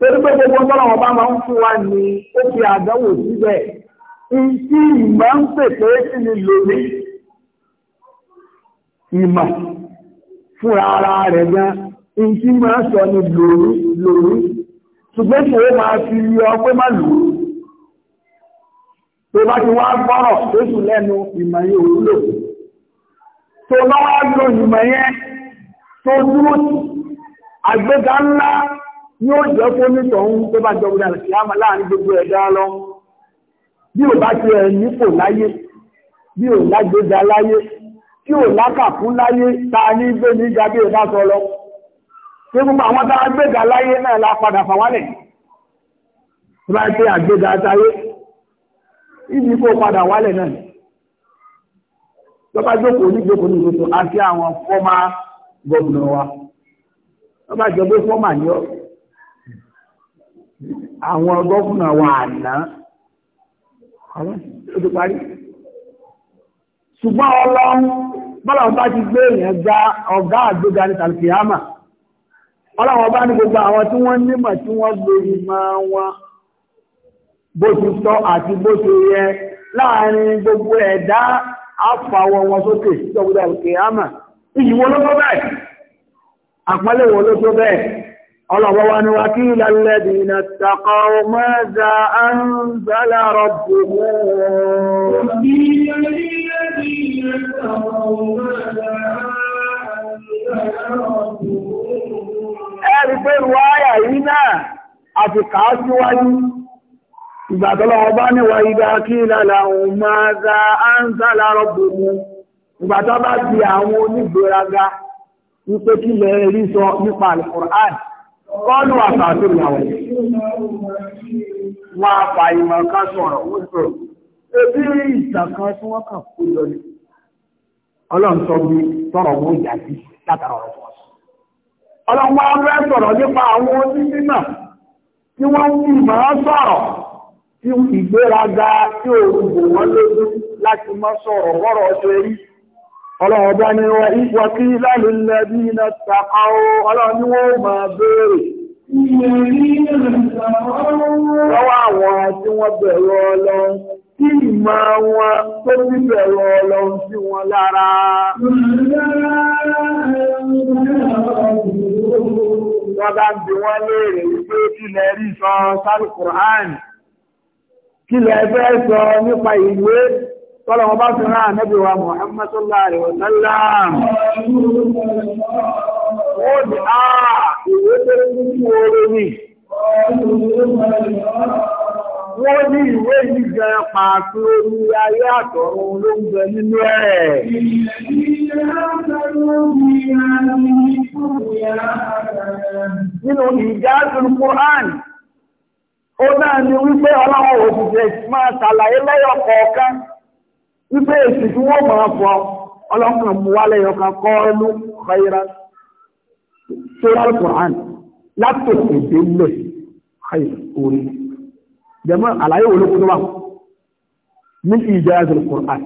torí pé gbogbo tọ́lọ̀ ọba máa ń fún wa ní ó fi àdánwò síbẹ̀ ìtí ìmọ̀ ń pèpè sí ni lórí ìmọ̀ fúnra ara rẹ̀ gan ìtí máa sọ ni lórí lórí ṣùgbọ́n kí ó máa fi yọ pé má lò ó tó bá ti wá gbọ́rọ̀ tó sùn lẹ́nu ìmọ̀ yẹn òwúlò tó bá wá lo ìmọ̀ yẹn tó dúró àgbéga ńlá yóò jẹ́ kó nítọ̀hún tó bá jọ gbogbo àlùkìyàmà láàrin gbogbo ẹ̀dá lọ bí ò bá ti ẹ̀ nípò láyé bí ò lágbèjà láyé tí ò lákàkún láyé ta ní gbé ní ìjà bí ìbá sọ lọ tí gbogbo àwọn tá a gbéga láyé náà la padà fà wálẹ̀ tó bá ti àgbéga táyé ibi kó padà wálẹ̀ náà tó bá jókòó oníjókòó ní ìgbésọ àti àwọn fọ́mà gọ́ọ̀nà wa tó bá jọ pé fọ́mà ni ọ́ àwọn gọ́fúnà wa àná àwọn ó ti parí ṣùgbọ́n ọlọ́run bọ́lá ọba ti gbé èèyàn gba ọ̀gá àgbéga ní tàlùkìyàmà ọlọ́run ọba ní gbogbo àwọn tí wọ́n nímọ̀ tí wọ́n gbèrè mọ́ wọn bó ti tọ́ àti bó ti yẹ láàrin gbogbo ẹ̀dá àfàwọ̀ wọn sókè sí ọgbọ́dọ̀ tàlùkìyàmà ìyíwọ́ ló tó bẹ́ẹ̀ àpọ́nlé wọn ló tó bẹ́ẹ̀ ọlọ́wọ́wọ́ ni wà kí ìlàlẹ́dì na takọ̀ mẹ́za an zala rọ̀bù ẹ̀rí pé ruwáyà yìí náà àti kàá síwájú ìgbàtọ́lọ́wọ́ bá ní ìgbà kí ìlàlẹ́hùn mẹ́za an zala rọ̀bù mú ìgbàtọ́ bá bí àwọn onígbèraga wípé kí lẹ́ẹ̀rí sọ nípa al Kọ́lù àtàtù ìyàwó. Wọ́n apà ìmọ̀ kan sọ̀rọ̀ wípé ebí ìtàkan tí wọ́n kàn kó lọ ní. Ọlọ́run sọ bí tọrọ wọn ìyà sí látara ọ̀rọ̀ wọn. Ọlọ́run wá rẹ́ sọ̀rọ̀ nípa àwọn oníṣẹ́ náà tí wọ́n ń fi ìmọ̀ sọ̀rọ̀ tí ìgbéraga tí òun bò wọ́n lójú láti mọ́ sọ̀rọ̀ wọ́rọ̀ ṣe rí ọlọ́run bá ní wọ́n ìwọ̀ kí lálẹ́lẹ́bí iná tàkà ó ọlọ́run ni wọ́n máa béèrè lọ́wọ́ àwọn tí wọ́n bẹ̀rù ọlọ́run tí ìmọ̀ wọn tó ti bẹ̀rù ọlọ́run sí wọn lára wọ́n ń bí wọ́n léèrè wípé ilẹ̀ rí sọ sálùkùrán kílẹ̀ ẹgbẹ́ sọ nípa ìwé tọ́lọ̀ wọn bá fi rán ànábì wa Muhammad sallallahu alaihi wasallam ó di àà ìwé tó kú oore ní wọ́n ní ìwé yìí jẹ pàtó orí ayé àtọ̀run ló ń bẹ nínú ẹ̀ nínú ìjáàtún Qur'an ó náà ni wípé ọlọ́wọ́ òṣìṣẹ́ máa tàlàyé lọ́yọ̀ kọ̀ọ̀kan wípé èsì tí wọ́n máa fọ ọlọ́kàn mú wálẹ̀ ọkà kọ́ ẹnu ṣayira sórí Quran látòkè délẹ̀ ṣayira orí jẹ́mọ́ àlàyé wo ló kú wà ní ìjọ ẹ̀sìn Quran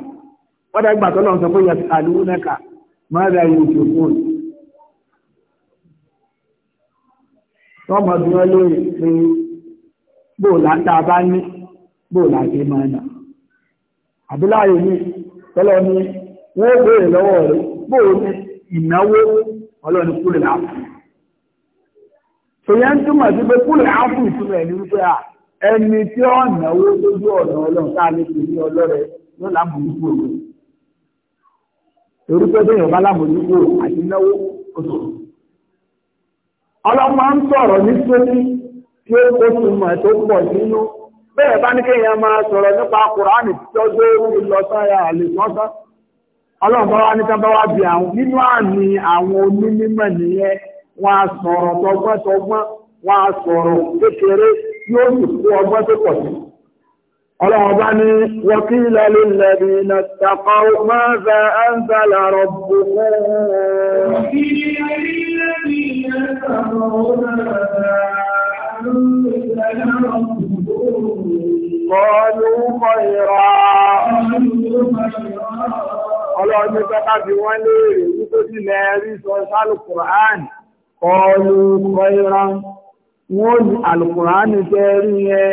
wọ́n dàgbà tó lọ́n sọ pé yẹ àdúgbò nẹ́ka máa rẹ̀ yóò tó fún tọ́mọdún ọlọ́rin pé bóòlá tá a bá ní bóòlá tí náà àbíláyé ní tọ́lọ ní wọ́n bèèrè lọ́wọ́ rẹ̀ bóò ní ìnáwó ọlọ́ni kúrẹ̀ láàfù ṣòyẹ́ ń túmọ̀ sí pé kúrẹ̀ láàfù ìtumọ̀ ẹ̀ ní wípé à ẹni tí ó náwó lójú ọ̀nà ọlọ́run tá a lè pè ní ọlọ́rẹ̀ ló lámòjúkú òwe torí pé bẹ́ẹ̀ bá lámòjúkú àti náwó oṣù ọlọ́mọ ń sọ̀rọ̀ ní sóní tí ó túmọ̀ tó pọ̀ nínú bẹ́ẹ̀ bá ní kéèyàn máa sọ̀rọ̀ nípa kùránì tọ́jú orú ìlọ́sára àlèkọ́sá ọlọ́ọ̀bá wá ní tábá wá bí àwọn nínú àmì àwọn onímọ̀ nìyẹn á sọ̀rọ̀ tọgbọ́n tọgbọ́n á sọ̀rọ̀ kékeré yóò sì ọgbọ́n tó pọ̀ sí ní wọ́kílẹ̀ lílẹ̀bí na tàkọ́ mọ́za ánzàlà rọ̀bùkún Wọ́kílẹ̀ lílẹ̀bí Kọlu kọ̀ìrọ̀. Ọlọ́run ní sọ́ká fi wọ́n léèrè ní tó sì lẹ rí sọ sálùkùrán. Kọlu kọ̀ìrọ̀. Wọ́n ní àlùkùrán ní tẹ́ rí ẹ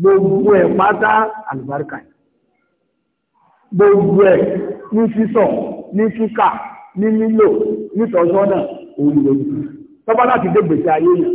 gbogbo ẹ̀ pátá àlùbáríkà. Gbogbo ẹ̀ ní sísọ, ní kíkà, ní lílò, nítọ́sọ́nà, òun lòdì. Tọ́bá láti dé gbèsè ayé yẹn,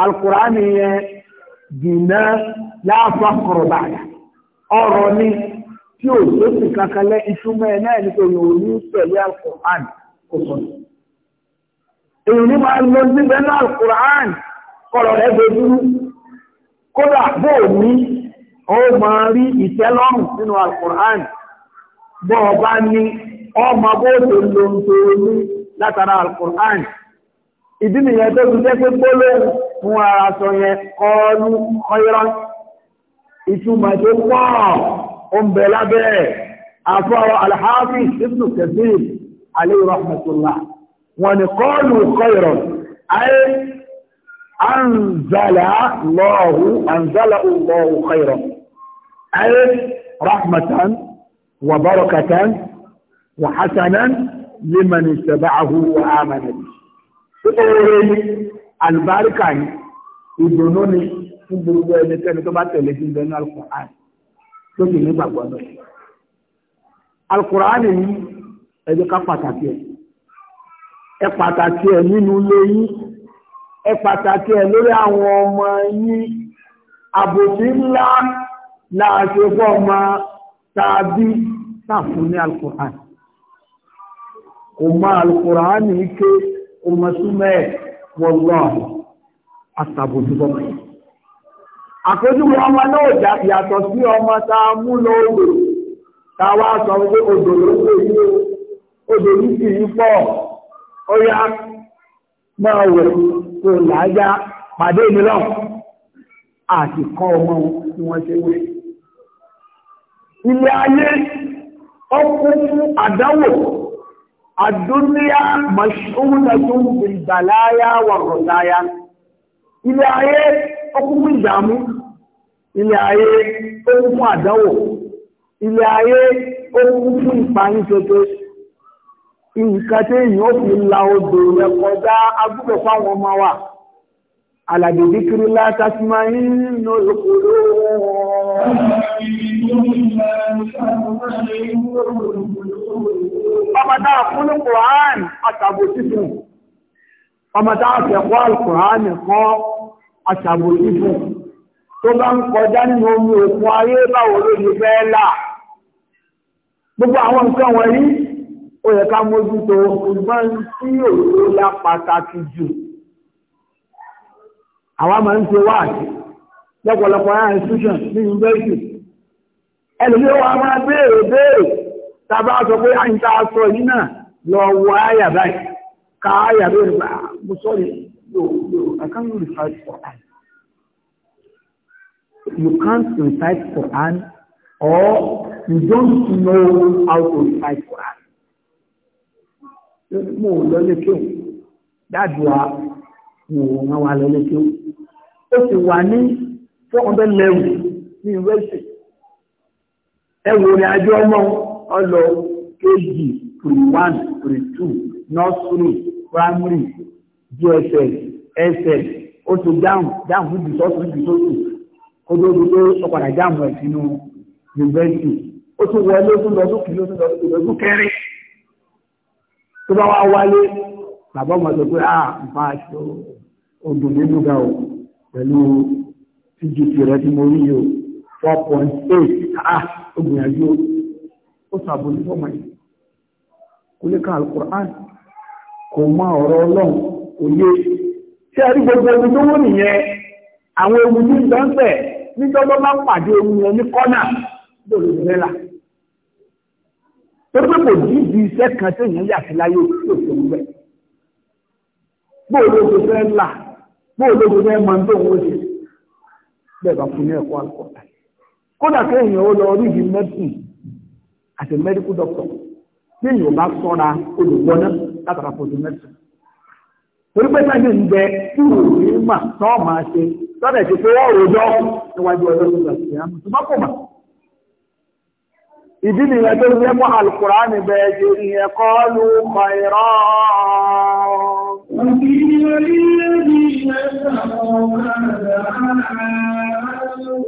alukurani yẹn jìnnà láàfà kọ̀rọ̀bà ọ̀rọ̀ ni tí o tó sì kankan lẹ́ ìtumọ̀ ẹ̀ náà nípa èèyàn ò ní pẹ̀lú alukurani kò sọ̀rọ̀ èèyàn ní máa lọ síbẹ̀ náà alukurani kọ̀rọ̀ rẹ̀ gbẹdúrú kódà bó o ní ó máa rí ìtẹ́lọ́rùn nínú alukurani bó o bá ní ọmọ bó o tó lo nítorí látara alukurani ìdí nìyẹn tó fi jẹ́ pé gbólóhùn. fún ara sọ yẹ ọlú ọ̀yọ́rọ̀ ìtumọ̀ tó pọ̀ oúnbẹ̀ lábẹ́ àfọ́rọ̀ alhábí ibn kathir alayhi wọn ni kọlù ọ̀yọ́rọ̀ ayé anzala lọ́ọ̀hù anzala lọ́ọ̀hù ọ̀yọ́rọ̀ ayé rahmatan wa barakatan wa hasanan liman tabi'ahu wa amana àlùbáríkà ni ìdùnnú ni fún gbogbo ẹnikẹ́ni tó bá tẹ̀lé sí ìbẹ̀nu alukur'an tó sì nígbàgbọ́ lọ. alukur'an yìí ẹjọ́ ká pàtàkì ẹ̀ ẹ pàtàkì ẹ̀ nínú ilé yín ẹ pàtàkì ẹ̀ lórí àwọn ọmọ yín àbòsí ńlá láàṣẹ ọmọ tàbí tàfún ní alukur'an kò mọ alukur'an yìí ké kò mọ súnmọ́ ẹ̀. wọ́lọ́ọ̀lù àtàbòjúbọ́. Àpéjúwọ́ ọmọ náà yàtọ̀ sí ọmọ ta mú lọ odò, sọ pé odò ló pè ní odò ní sì yí pọ̀, pade máa wẹ̀ kọ ọmọ tí wọ́n ṣe wẹ̀. Ilé ayé, ọkùnrin àdúnyá mashúnatún bìbàláyá wà rọ̀láyá ilé ayé ọkùnkùn ìdàmú ilé ayé ọkùnkùn àdánwò ilé ayé ọkùnkùn ìpàníṣẹ́tẹ́ nǹkan tí èyàn fi la odò rẹ̀ kọjá agbúgbẹ̀ fáwọn ọmọ wa alàdèdè kiri látàsímá nínú olùkúrò ọmọdá fúnú kùrán àtàbò títún ọmọdá fẹ̀kọ́ alkùrán kọ́ àtàbò títún tó bá ń kọjá nínú omi òkun ayé báwo ló lè fẹ́ là gbogbo àwọn nǹkan wọ̀nyí ó yẹ ká mójútó ìgbọ́n tí òòrùn lá pàtàkì jù àwa máa ń ṣe wáàsí lọ́pọ̀lọpọ̀ àwọn institution ní university ẹlùmí wa máa béèrè béèrè tàbá sọ pé a ń yìí náà lọ wọ àyà báyìí ká àyà béèrè bá ah, mo sọ ni I can't recite Quran you can't recite Quran or you don't know how to recite Quran mo lọ lè kéwòn dáàbò wa wọ́n wà lọ lékè ó ó sì wà ní four hundred level ní university ẹwọ ní ajọ ọmọ ọlọ kg pre one pre two nursery primary dss ss ó ti dáhùn dáhùn níbi sọ́ọ̀tún níbi sọ́ọ̀tún kó tó di pé ó padà dáhùn ẹ̀ sínú university ó tún wọlé ó tún lọ sókè ó tún lọ sókè ó tún kẹrin tó bá wá wálé bàbá ọmọ sọ pé à ah, bá aṣọ odùn nínú ga o pẹ̀lú pgp rẹ tí mo rí yìí o four point eight à ah, ó gbìyànjú ó sàbòlù fọmọ yìí kò lè ka alukur'an kò mọ ọ̀rọ̀ ọlọ́run kò yé ṣé a rí gbogbo omi tó wọ́n nìyẹn àwọn ewu ní ìdánfẹ̀ níjọba máa ń pàdé omi yẹn ní kọ́nà lórí ìrẹ́là torí pé kò dídì iṣẹ́ kan tí èèyàn yà sí láyé tí ò fi òun bẹ́ẹ̀ bóòlù oṣù fẹ́ là bóòlù oṣù fẹ́ mọ tó ń wọ́ṣe bẹ́ẹ̀ bá fún ní ẹ̀kọ́ àkọ́tà kódà kéèyàn ó lọ rí ìdí mẹ́tì àti mẹ́díkù dọ́kítọ̀ torí pé sáyé ń tí wò ní mà tọ́ máa ṣe lọ́dẹ̀ ti wọ́n rojọ́ níwájú ọjọ́ tó gbà sí àmì tó mà ìdí nìyẹn tó ń mọ́ àlùkùránì bẹ́ẹ̀ ṣe ìyẹn kọ́ ló kọ وقيل للذين كفروا ماذا أنزل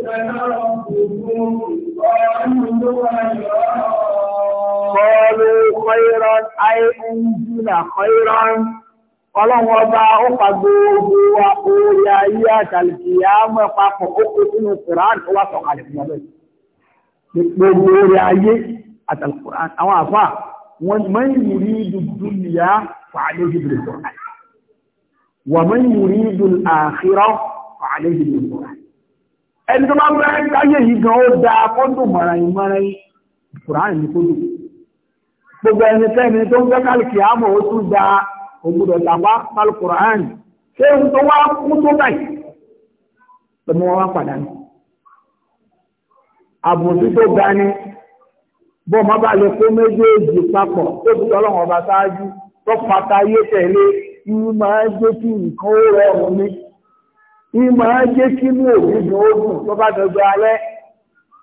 ربكم قالوا قالوا خيرا أي أنزل خيرا Ọlọ́run ọba ó pa gbogbo wa orí ayé àtàlìkìyà mọ́ papọ̀ ó kó sínú Kùránì ó wá sọ̀kalẹ̀ fún ọlọ́run. Gbogbo orí ayé àtàlìkìyà àwọn àfà wọ́n mọ́ ìrírí dùdú ìyá pàdé ìbìrì sọ̀kalẹ̀. ومن يريد الآخرة فعليه بالقرآن ẹni tó bá ń bẹ́rẹ̀ káyé yìí gan ó da kọ́ndù mọ̀ràyìn mọ̀ràyìn kùránì ní kódù gbogbo ẹni tẹ́ni tó ń gẹ́kàlì kìí àmọ̀ ó tún da ògbùdọ̀ àbùsí tó ga ni bọ́ ọmọ bá lè kó méjèèjì papọ̀ tó fi tọ́lọ́wọ́n ọba ṣáájú tó pàtàyé tẹ̀lé ìwú máa jẹ́ kí nǹkan ó rọrùn mi ìwú máa kí ní ogun tó bá alẹ́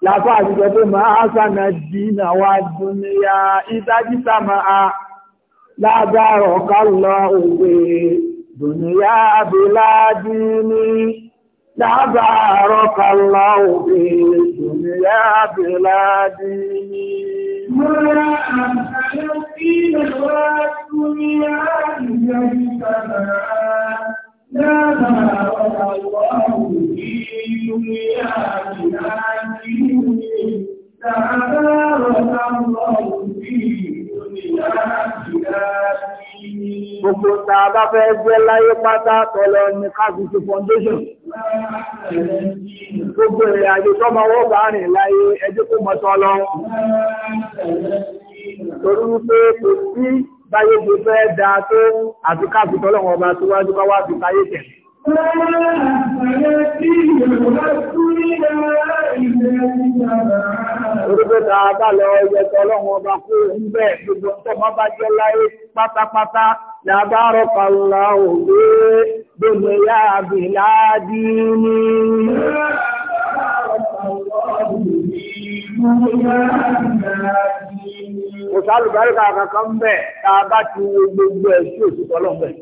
làbá àdìgbẹ́ tó máa sànà dínà wá dúnìyà ìdájí sàmà lágbára ọ̀ká lọ òwe dúnìyà lágbára ọ̀ká lọ òwe ما أمثل في نجوات دنيا يجتمعا لا ما وضع الله في دنيا من آخره تبارك الله في دنيا من آخره Gbogbo ta bá fẹ́ gbé láyé pátá tọ́lọ ní ká fi ṣe foundation. Gbogbo ìrìn àjò tó máa wọ́n bá rìn láyé ẹjọ́ kó mọ́ tọ́lọ. Torí wípé kò sí báyé ti fẹ́ dáa tó àti Orúkẹ́ tààbà lọ ẹgbẹ̀ta ọlọ́run ọba kó ń bẹ́ gbogbo ọmọ bá jẹ́ láyé pátápátá lábárọ̀ pàlá òwe gbogbo ya àbìláàdì ní. Òṣàlùbáríkà kankan bẹ̀ tààbà ti gbogbo ẹ̀ sí òṣìṣẹ́ ọlọ́run bẹ̀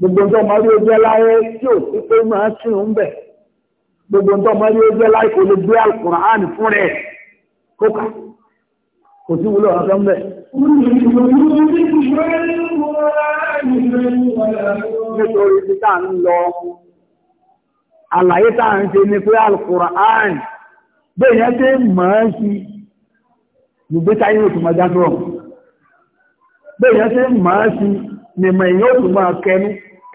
gbogbo ń tọ́ máa rí ojú ẹláyé tí ò sí pé máa sí òun bẹ̀ gbogbo ń tọ́ máa rí ojú ẹláyé kò lè gbé alukur'an fún rẹ̀ kókà kò sí wúlò ọ̀rọ̀ bẹ̀. nítorí tí tá à ń lọ àlàyé tá à ń ṣe ni pé alukur'an bẹ́ẹ̀ yẹn ṣe máa ń gbogbo táyé òtún máa já sọ̀rọ̀ bẹ́ẹ̀ yẹn ṣe máa ń nìmọ̀ èèyàn òtún máa kẹnu.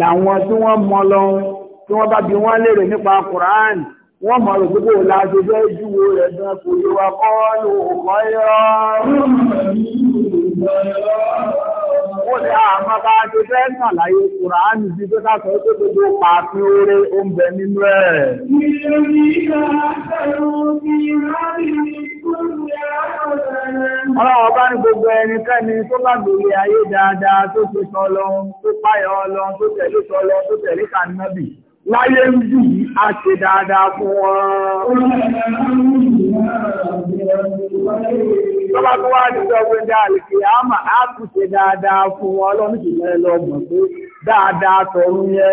làwọn tí wọ́n mọ lọ tí wọ́n bá bi wọ́n léèrè nípa Quran wọ́n mọ̀ rò gbogbo láti fẹ́ júwo rẹ̀ gan kò yíwa kọ́ lò kọ́ yọ́ ní àmọ́ bá ti fẹ́ nà láyé Kùránì bí tó sàtọ̀ tó gbogbo pàápín oore oúnjẹ nínú ẹ̀. Ọlọ́wọ́ bá ní gbogbo ẹnikẹ́ni tó bá gbèrè ayé dáadáa tó ti sọ lọ, tó páyọ̀ lọ, tó tẹ̀lé sọ lọ, tó tẹ̀lé kànábì. láyé ń jù yí a ṣe dáadáa fún wọn. Lọ́bá tó wá ní ọgbẹ́ dáàlì kì á mà á kù ṣe dáadáa fún wọn lọ́nà jù mẹ́rin pé dáadáa yẹ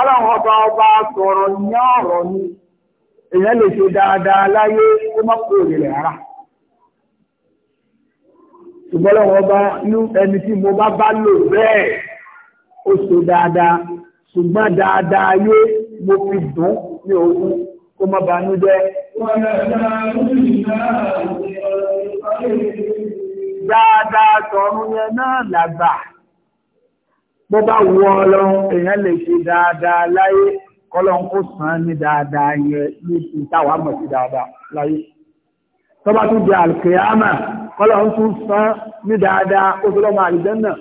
Ọlọ́run ọba ọba sọ̀rọ̀ ní ọ̀rọ̀ ni èèyàn lè ṣe dáadáa láyé kó má rẹ̀ rárá. ṣùgbọ́n lọ́wọ́ bá ní ẹni tí mo bá bá lò bẹ́ẹ̀ ó ṣe dáadáa ṣùgbọ́n dáadáa yé mo fi dùn ní òun kó má banú jẹ́. dáadáa tọ̀run yẹn náà làgbà bó bá wù ọ́ lọ́run èèyàn lè ṣe dáadáa láyé kọ́lọ́n sàn ní dáadáa yẹn ní ìtawà mọ̀ sí dáadáa láyé. tọ́ba tún di àlùkìyámà kọ́lọ̀ ń tún sán ní dáadáa ó tó lọ́mọ àlùjànnà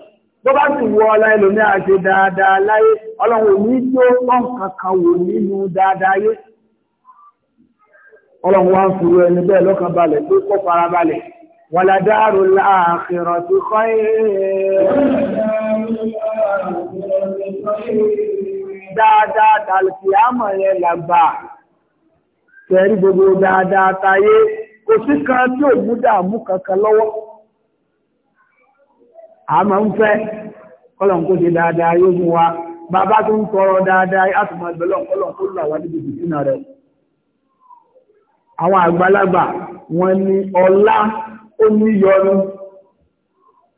tó bá sì wọ ọlá ẹlòmí àṣe dáadáa láyé ọlọ́run ò ní tí ó pọ́n kankan wò nínú dáadáa yé ọlọ́run wá ń furu ẹni bẹ́ẹ̀ lọ́kàn balẹ̀ tó kọ́ fara balẹ̀ wàládàrú láàkìrọ̀ ti kọ́ dáadáa tàlùkì àmọ̀ yẹn làgbà tẹ̀rí gbogbo dáadáa táyé kò sí kan tí ò mú dààmú kankan lọ́wọ́ a máa ń fẹ́ kọ́lọ̀n kó dáadáa yóò mú wa bàbá tó ń tọrọ dáadáa á tún máa gbẹ̀lọ́ kọ́lọ̀n kó là rẹ̀ àwọn àgbàlagbà wọn ni ọlá ó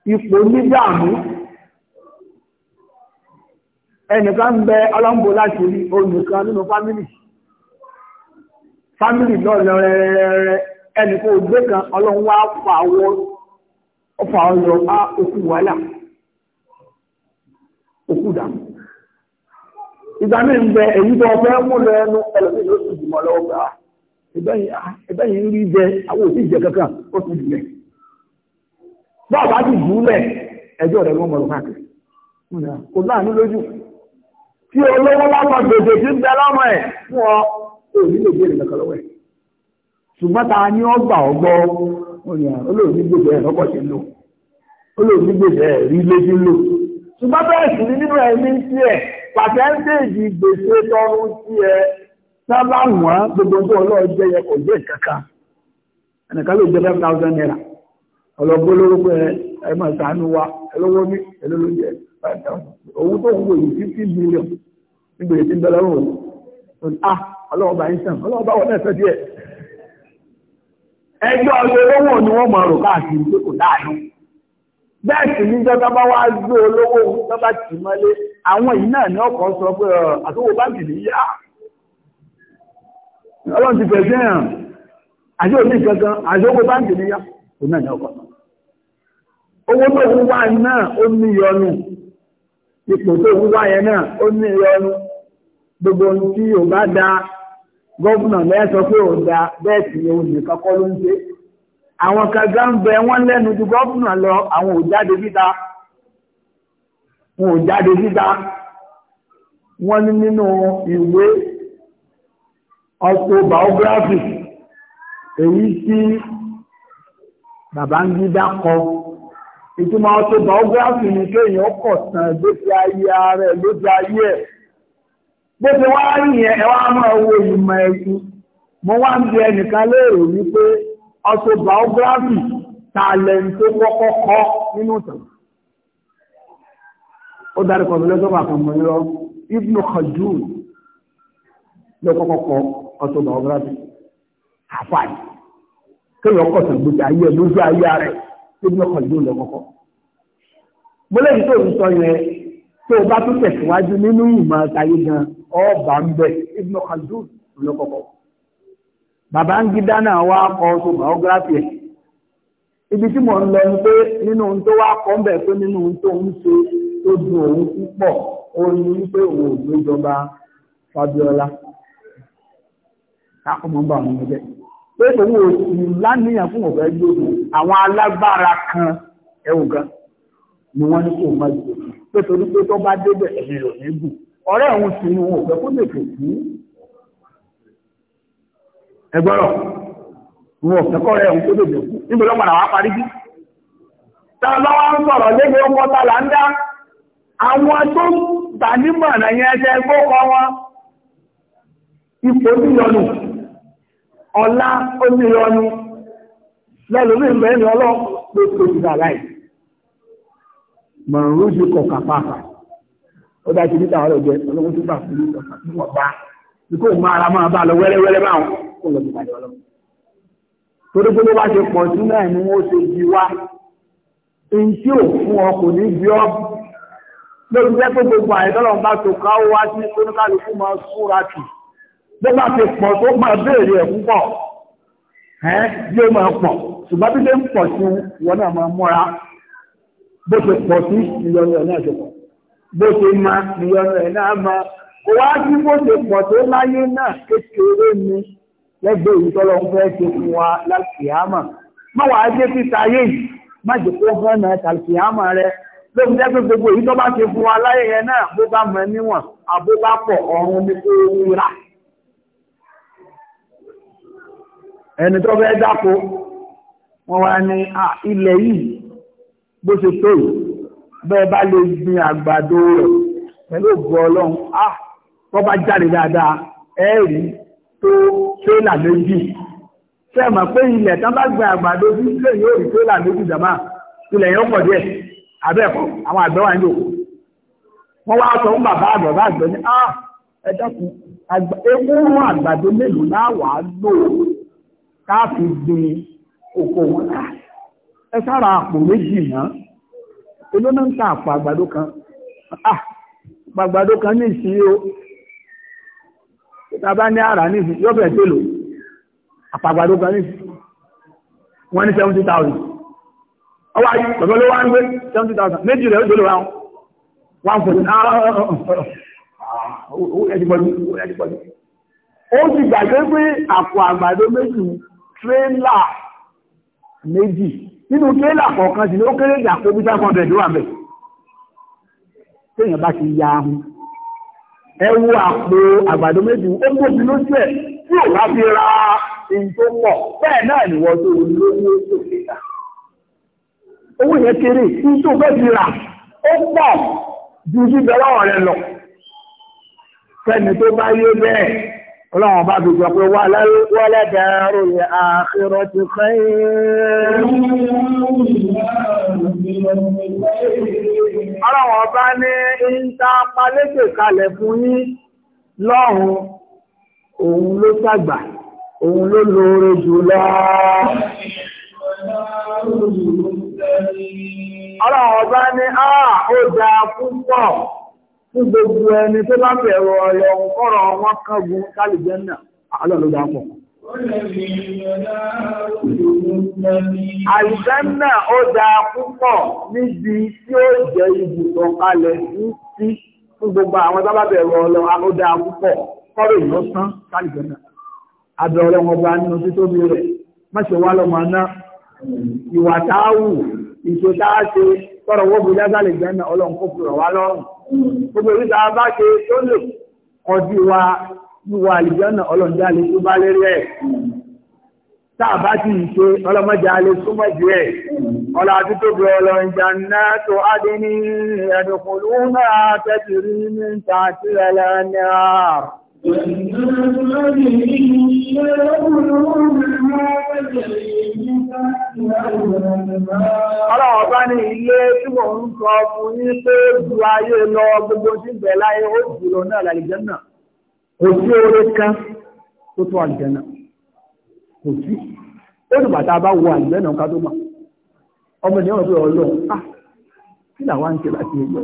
ipò ẹnì kò gbé kan ọlọ́run ọfà ọyọ á òkú wàhálà òkú dà ìgbà mi ń bẹ èyí tó ọfẹ ẹnu ló sì jùmọ̀ lọ gbà ìbẹ́yìn ń rí jẹ àwọn òbí jẹ kankan ó jùlẹ̀ ti ẹjọ́ rẹ̀ wọ́n káàkiri kò láàánú lójú tí olówó lápá ṣùgbọ́n ta ni ó gbà ọgbọ́ ah, olóòní gbèsè ẹ̀ lọ́pọ̀ sí lò olóòní gbèsè ẹ̀ rí lé sí lò ṣùgbọ́n bẹ́ẹ̀ sì ni nínú ẹ̀mí sí ẹ̀ pàtẹ́ńtéèjì gbèsè tọrún sí ẹ sábà wọ́n gbogbo tó ọlọ́ọ̀jẹ́ yẹ kò jẹ́ kankan ẹnìkan ló jẹ́ five thousand naira ọlọ́gbó lóró pé ẹ máa ṣàánú wa ẹlọ́wọ́ mi ẹlọ́wọ́ jẹ́ five thousand owó tó ń wò yìí fifty million nígbèrè tí ń bẹ lọ́rùn òun ah ọlọ́wọ́ bá ń sàn ọlọ́wọ́ bá wọlé ẹ̀fẹ́ díẹ̀ ẹgbẹ́ ọjọ́ olówó ni wọ́n mọ̀ rò káàkiri pé kò dáadọ́ bẹ́ẹ̀ sì ní jọba bá wá gbé olówó lọ́ba tì mọ́lé àwọn yìí náà ní ọkọ̀ sọ pé àtúwò báńkì ní yá ọlọ́run ti fẹ̀sẹ̀ hàn àjọ òní kankan àjọ owó báńkì ní yá òun náà ní ọkọ̀ sọ owó tó wá náà ó ní gbogbo ohun tí bá gómìnà lẹ́sọ pé ò da bẹ́ẹ̀ sì ni òun nìkan kọ́ ló ń ṣe àwọn kan gan bẹ wọ́n lẹ́nu ju gómìnà lọ àwọn ò jáde síta wọn ò jáde síta wọ́n ní nínú ìwé autobiography èyí tí Babangida kọ ìtumọ̀ autobiography ni kéèyàn kọ̀ tàn gbèsè ayé ara ẹ̀ lójú ayé ẹ̀ gbogbo wá rí yẹn ẹwà máa wo ìmọ̀ ẹ̀sù mo wá ń bi ẹnìkan léèrè wípé autobiography talent tó kọ́kọ́ kọ́ nínú ìtàn ó dárúkọ mi lọ́sọ́fà kan mọ́ lọ Ibn Khaldun ló kọ́kọ́ kọ́ autobiography àfàì kéèyàn kọ̀ sàn gbèsè ayé lójú ayé rẹ̀ Ibn Khaldun ló kọ́kọ́ mo lè ní tó ń sọ yẹn tó bá tún tẹ̀síwájú nínú ìmọ̀ àtàyè gan ọba ń bẹ̀ ibùdó kajú lọ́kọ̀kọ̀. Babangida náà wá kọ tó biography ẹ̀. Ibi tí mò ń lọ ni pé nínú ohun tó wá kọ́ ń bẹ̀ pé nínú ohun tó ń ṣe tó dùn òun púpọ̀ ó ní wípé òun ò gbéjọba Fabiola. Káàkó mọ́ ń bá òun jẹ́. Pé òun ò sì láníyàn fún òfẹ́ gbòòrò àwọn alágbára kan ẹ̀wù gan. ni wọ́n ní kó má jẹ pé torí pé tó bá débẹ̀ ẹ̀yìn rò ní ọ̀rẹ́ òun sì ni wọn ò fẹ́ kó lè fò ẹgbọ́rọ̀ wọn ò fẹ́ kọ́ òun kó lè làwọn parí bí. tá a ń sọ̀rọ̀ lébi ọkọ̀ ta là ń dá àwọn tó yẹn ẹsẹ̀ wọn ipò ọ̀la ìgbẹ́ni mọ̀rún ló ṣe kọ̀ kàfàfà ó dá ti níta ọ̀rọ̀ jẹ ọlọ́wọ́ tó gbà fún ìtọ̀ tí wọ́n bá ní kó máa ra máa bá lọ wẹ́rẹ́wẹ́rẹ́ báwọn kó lọ nípa ìyọlọ. torí pé ló bá ṣe pọ̀ sí náà ni wọ́n ṣe di wá èyí tí ò fún ọ kò ní bí ọ lórí jẹ́ pé gbogbo àìdọ́lọ̀ bá tó ká ó wá sí oníkálukú máa súra tù ló bá ṣe pọ̀ tó máa béèrè ẹ̀ púpọ̀ ẹ́ yóò máa pọ̀ ṣùgbọ́n bí lè ń pọ̀ sí wọn náà máa múra bó ṣe pọ̀ sí ìyọnu ẹ̀ náà ṣe pọ̀ bó ṣe ma ìyọnu ẹ̀ náà ma kò wá sí bó ṣe pọ̀ tó láyé náà kékeré ni lẹ́gbẹ̀ẹ́ èyí tọ́lọ́ ń fẹ́ ṣe fún wa lálùfíàmà má wàá dé títa ayé yìí má jẹ́ kó hàn náà tàlùfíàmà rẹ lóun jẹ́ pé gbogbo èyí tó bá ṣe fún wa láyé yẹn náà bó bá mọ níwọ̀n àbó bá pọ̀ ọ̀run ní kó rà. ẹni tó fẹ́ dáko wọ́n wá ní ilẹ̀ yìí bó ṣe tó yìí bẹ́ẹ̀ bá lè gbin àgbàdo rẹ̀ pẹ̀lú ògùn ọlọ́run á ah, tó bá jáde dáadáa ẹ̀rí tó tẹ́là méjì ṣe mọ̀ pé ilẹ̀ tán bá gbin àgbàdo sí ilé yóò rí tẹ́là méjì jàmá ilẹ̀ yóò pọ̀ díẹ̀ abẹ́ẹ̀kọ́ àwọn àgbẹ̀ wà nílò wọ́n wá sọ fún bàbá àgbẹ̀ bá àgbẹ̀ ní á ah, ẹ dákun ewúrún àgbàdo mélòó náà wàá lò káàfin gbin oko wọn ah, ẹ sára àpò méjì náà olóná ń ta àpò àgbàdo kan ah àgbàdo kan ní ìsìn o tàbá ní àrà ní ìsìn yóò bẹ̀rẹ̀ tèlò àpò àgbàdo kan ní ìsìn wọ́n ní seventy thousand ọwọ́ ayé pẹ̀lú ló wá ń gbé seventy thousand méjì rẹ̀ ó dòlò wọn one forty ẹ̀dìpọ̀jù ah, ah, ah, ẹ̀dìpọ̀jù ó ti gbàgbé pé àpò àgbàdo méjì tírélà méjì nínú tírélà kọ̀ọ̀kan sí ló kéré jà pé bíjá kan bẹ̀rẹ̀ wà bẹ̀ bá ti ya ahun ẹ wo àpò àgbàdo méjì ó tóbi lójú ẹ̀ tí ò bá fi ra èyí tó pọ̀ bẹ́ẹ̀ náà nìwọ tó o ní lójú tó fi rà owó yẹn kéré tí tó fẹ́ fi rà ó pọ̀ ju bíbẹ̀ lọ́wọ́ rẹ lọ fẹ́ni tó bá yé bẹ́ẹ̀ Ọlọ́run bá fi jọ pé wà lẹ́dàárò àkírọ̀ ti kẹ́yìn. Ọlọ́run ọba ní ìta palékè kalẹ̀ fún yín lọ́run, òun ló sàgbà, òun ló lóore jù lọ. Ọlọ́run ọba ní àà ó púpọ̀ ní gbogbo ẹni tó bá bẹ̀rọ ọ̀yọ̀ kọ́rọ̀ wọn kángun kálìjẹ́ náà alọ́lọ́dà pọ̀. Àìjẹ́nà ó dáa púpọ̀ níbi tí ó jẹ́ ibùsọ̀ kalẹ̀ ní sí fún gbogbo àwọn tó bá bẹ̀rọ ọ̀lọ́ ó dáa púpọ̀ kọ́rọ̀ ìlú sán kálìjẹ́ náà. Àbẹ̀rọ̀ wọn bá nínú títóbi rẹ̀, má ṣe wá lọ́mọ náà. Ìwà táwù, ìṣòtáṣe, kọ́rọ̀ wọ́n bu yá kálìjẹ́ náà ọlọ́run kó fi rọ̀ wá lọ́rùn. Gbogbo ìrísà bá ṣe tó lè kọjú wa wíwà àlìjọ́nà ọlọ́njẹ́ alẹ́ tó bá lérí ẹ̀. Táà bá ti ṣe ọlọ́mọdé alẹ́ ẹ̀. Ọlá tó bẹ ọlọ́njẹ́ tó ádé ní ẹ̀dùnkùn lóhùn ní ìta àti ẹlẹ́ni Ọlọ́wọ̀ bá ní ilé tí mò ń sọ fún ní pé ju ayé lọ gbogbo tí ń bẹ̀ láyé ó jù lọ náà l'àlìjẹ́nà. Kò sí oore kan tó tó àlìjẹ́nà. Kò sí. Ó dùgbà tá bá wo àlìjẹ́nà ká tó mọ̀. Ọmọ ènìyàn pé ọlọ́run, ah, kí làwọn ń ṣe láti ẹgbẹ́.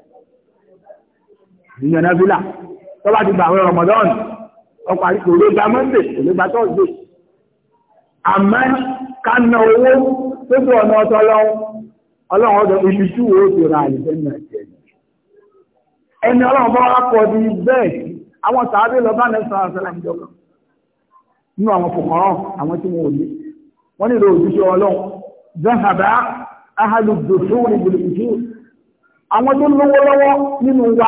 ìyẹn náfìlà tó bá ti gbà àwọn Ramadan ọkọ̀ àti kò lè gba Monday kò lè gba Thursday àmọ́ ká na owó tó tó ọ̀nà ọ̀tọ̀ ọlọ́run ọlọ́run ọ̀dọ̀ ibi tí wo ti ra àlùfẹ́ náà jẹ́ ẹni ọlọ́run bá wá kọ́ di bẹ́ẹ̀ àwọn sàábé lọ bá nẹ́sàn àṣẹlẹ̀ ìjọba nínú zahaba ahalu dòṣó ní àwọn tó lówó lọ́wọ́ nínú wa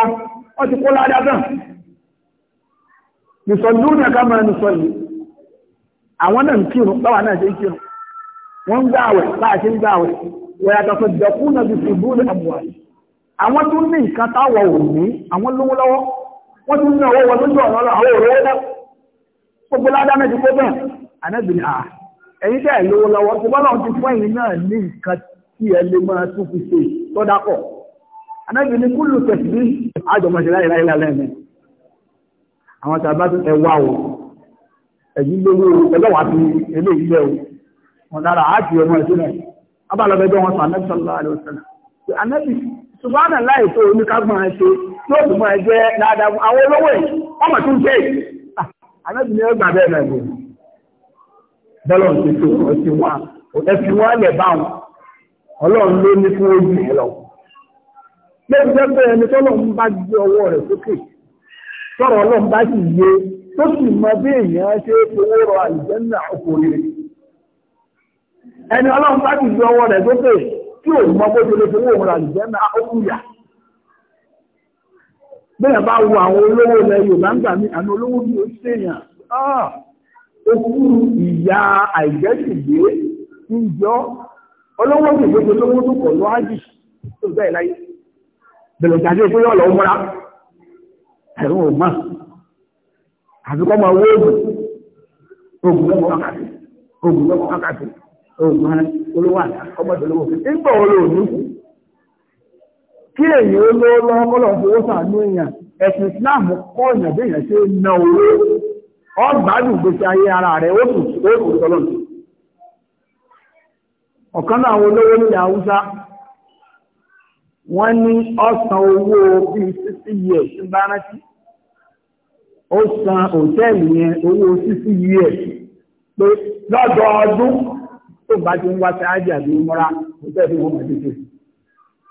wọ́n ti kó ládá tán nìsọ̀lú ní ẹ̀ká mọ́ nìsọ̀lú àwọn náà ń kírun báwa náà ṣe ń kírun wọ́n ń gbààwẹ̀ báà ṣe ń gbààwẹ̀ wọ́n yàtọ̀ fún ìdọ̀kú náà ti fi búrú àbúwà àwọn tó ní nǹkan táwọ̀ ò ní àwọn lówó lọ́wọ́ wọ́n ti ní ọwọ́ wọn lójú ọ̀nà àwọn òróró náà gbogbo ládá náà ti kó bẹ́ẹ̀ ànábìnrin àà ah, ẹ̀yin tẹ́ ẹ̀ lówó lọ́wọ́ ti bọ́lá ti fún ẹ̀yin náà ní nǹkan tí ẹ lè máa tún fi anábì ní kúlù tẹ̀sí àjọmọ̀ṣẹ̀ láìláìlá lẹ́nu àwọn tàbá tún ẹwà o ẹ̀yìn lówó ẹlọ́wà tí ilé ilẹ̀ o wọn dára àti ọmọ ìsúná abálọ́bẹ̀jọ́ wọn sọ anábì sallallahu alaihi wasallam anábì ṣùgbọ́n láì tó oníkágbọ̀n ẹ̀ṣẹ́ yóò tún mọ́ ẹgbẹ́ dáadáa àwọn olówó ẹ̀ ọmọ tún jẹ́ anábì ah, ní ọgbà bẹ́ẹ̀ lẹ́gbẹ̀ẹ́ bọ́lọ̀ ti tó ọ̀sìn wa ẹ̀fìn wọn lẹ̀ báwọn ọlọ́run ló ní fún ojú ẹ̀ lọ́wọ́ lórí jẹ́ pé ẹni tó lọ́n bá gbé ọwọ́ rẹ̀ sókè sọ̀rọ̀ ọlọ́n bá sì yé tó sì mọ bí èèyàn ṣe fowó rọ àlùjẹ́nà ọkùnrin rẹ̀ ẹni ọlọ́n bá sì gbé ọwọ́ rẹ̀ sókè tí ò mọ bó ṣe lè fowó rọ àlùjẹ́nà ọkùnrin bẹ́ẹ̀ bá wo àwọn olówó ilẹ̀ Yorùbá ń gbà mí àwọn olówó bí ó ṣèyàn ah! okú ìyá àìjẹ́sìgbé ń jọ olówó kìí bẹ̀rẹ̀ ìjà sí pé yóò lọ múra ẹ̀rùn ò mọ́ máa wó oògùn oògùn lọ́wọ́ wákàtí lọ́wọ́ wákàtí olówó àdá kí èyí ó lọ́wọ́ fowó sàánú èèyàn ẹ̀sìn Islam kọ́ ṣe na owó ọgbàdùn gbèsè ayé ara ó kù ó kù ọ̀kan náà àwọn olówó nílẹ̀ Haúsá wọ́n ní ọ̀sán owó bíi sixty years ń bá rántí ó san hòtẹ́ẹ̀lì yẹn owó years pé tó bá ti ń wá sí ájà bíi mọ́ra hòtẹ́ẹ̀lì wọn máa tètè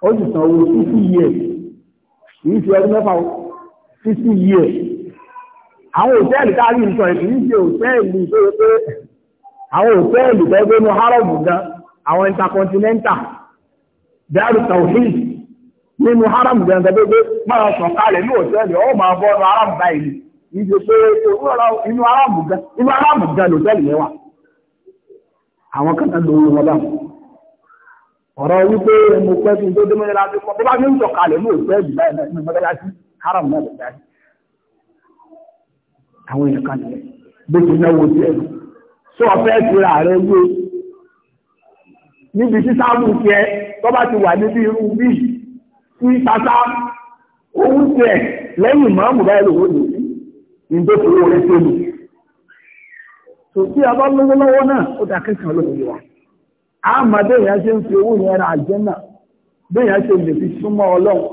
ó sì san owó years kì í ṣe ọdún mẹ́fà years àwọn hòtẹ́ẹ̀lì káàkiri nìkan kì í ṣe hòtẹ́ẹ̀lì tó yẹ pé àwọn hòtẹ́ẹ̀lì tó yẹ pé nínú haram gẹ̀ǹgẹ̀ gbogbo máa sọ kalẹ̀ ní ọ máa bọ́ ọrụ haram báyìí ìdè pé inú haram gan inú haram gan lòtẹ́ẹ̀lì yẹn wà àwọn kan náà lórí wọn báwọn ọ̀rọ̀ wípé mo pẹ́ fún tó dẹ́mọ́lẹ́ láti kọ́ tó bá ní ń sọ kalẹ̀ ní báyìí sí haram náà àwọn èèyàn kan bó ti náwó tiẹ̀ sọ níbi sísáàmù tó bá ti wà níbi irú ní owu òun tẹ̀ lẹ́yìn ìmọ̀ọ́mù báyìí lòun lò sí ìdókòwò rẹ̀ tó lù. Tò tí a bá náà ó dá kẹ́kàn A mọ̀ béèyàn ṣe ń fi owó yẹn ra béèyàn ṣe lè fi súnmọ́ ọlọ́run.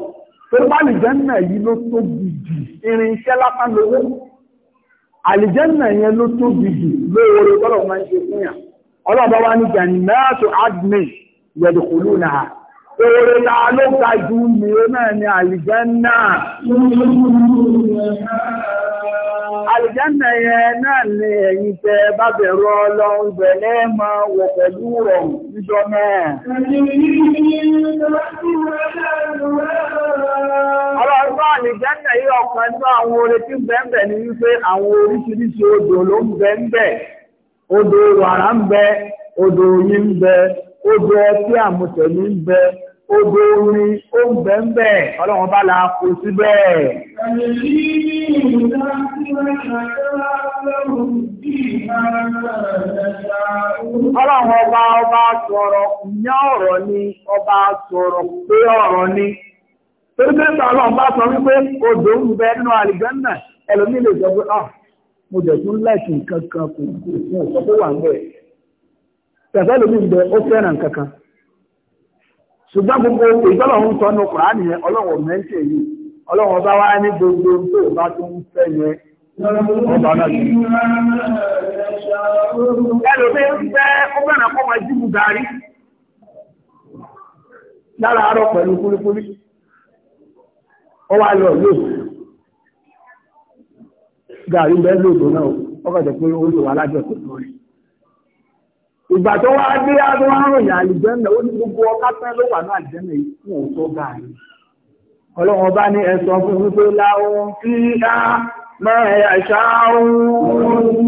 Tó bá yìí ló irinṣẹ́ lówó. yẹn ló ṣe fún Oore ta ló ga jù mí náà ni àlìjẹ́nà. Àlìjẹ́nà yẹn náà ni tẹ bá bẹ̀rù Ọlọ́run bẹ̀lẹ́ máa pẹ̀lú rọ̀ níjọ náà. Ọlọ́run bá àlìjẹ́nà yìí ọ̀kan ní àwọn oore tí bẹ́ẹ̀ wípé àwọn oríṣiríṣi odò ló ń odò wàrà ń bẹ, odò ń bẹ, odò ọtí ń bẹ, odò omi ó ń bẹ̀ ń bẹ̀ ọlọ́run bá la kó síbẹ̀. ọlọ́run ọba ọba sọ̀rọ̀ ìyá ọ̀rọ̀ ni ọba sọ̀rọ̀ pé ọ̀rọ̀ ni torí pé ọlọ́run sọ wípé odò ń bẹ nínú lè sọ pé ah mo tún fún wà ń bẹ̀ tẹ̀sán lómi ń bẹ ṣùgbọ́n gbogbo ìjọba ń sọ ní Kùránì yẹn ọlọ́wọ̀ mẹ́ńtì yìí ọlọ́wọ̀ bá wá ní gbogbo tó bá tó ń fẹ́ yẹn ọba náà ẹlòmí ń fẹ́ ó bẹ̀rẹ̀ máa jí lára àárọ̀ pẹ̀lú kúlíkúlí ó wá lọ lóò gàrí bẹ́ẹ̀ náà ó pé ó lò wá tó lórí. ìgbà tó wá dé adó àrùn àlìjẹ́nà ó ní gbogbo ọkà pẹ́ ló wà ní àlìjẹ́nà yìí fún òótọ́ báyìí ọlọ́run ọba ní ẹ̀sọ́ fún wípé láwọn fi dá mẹ́rẹ̀ ẹ̀ṣá ọ̀run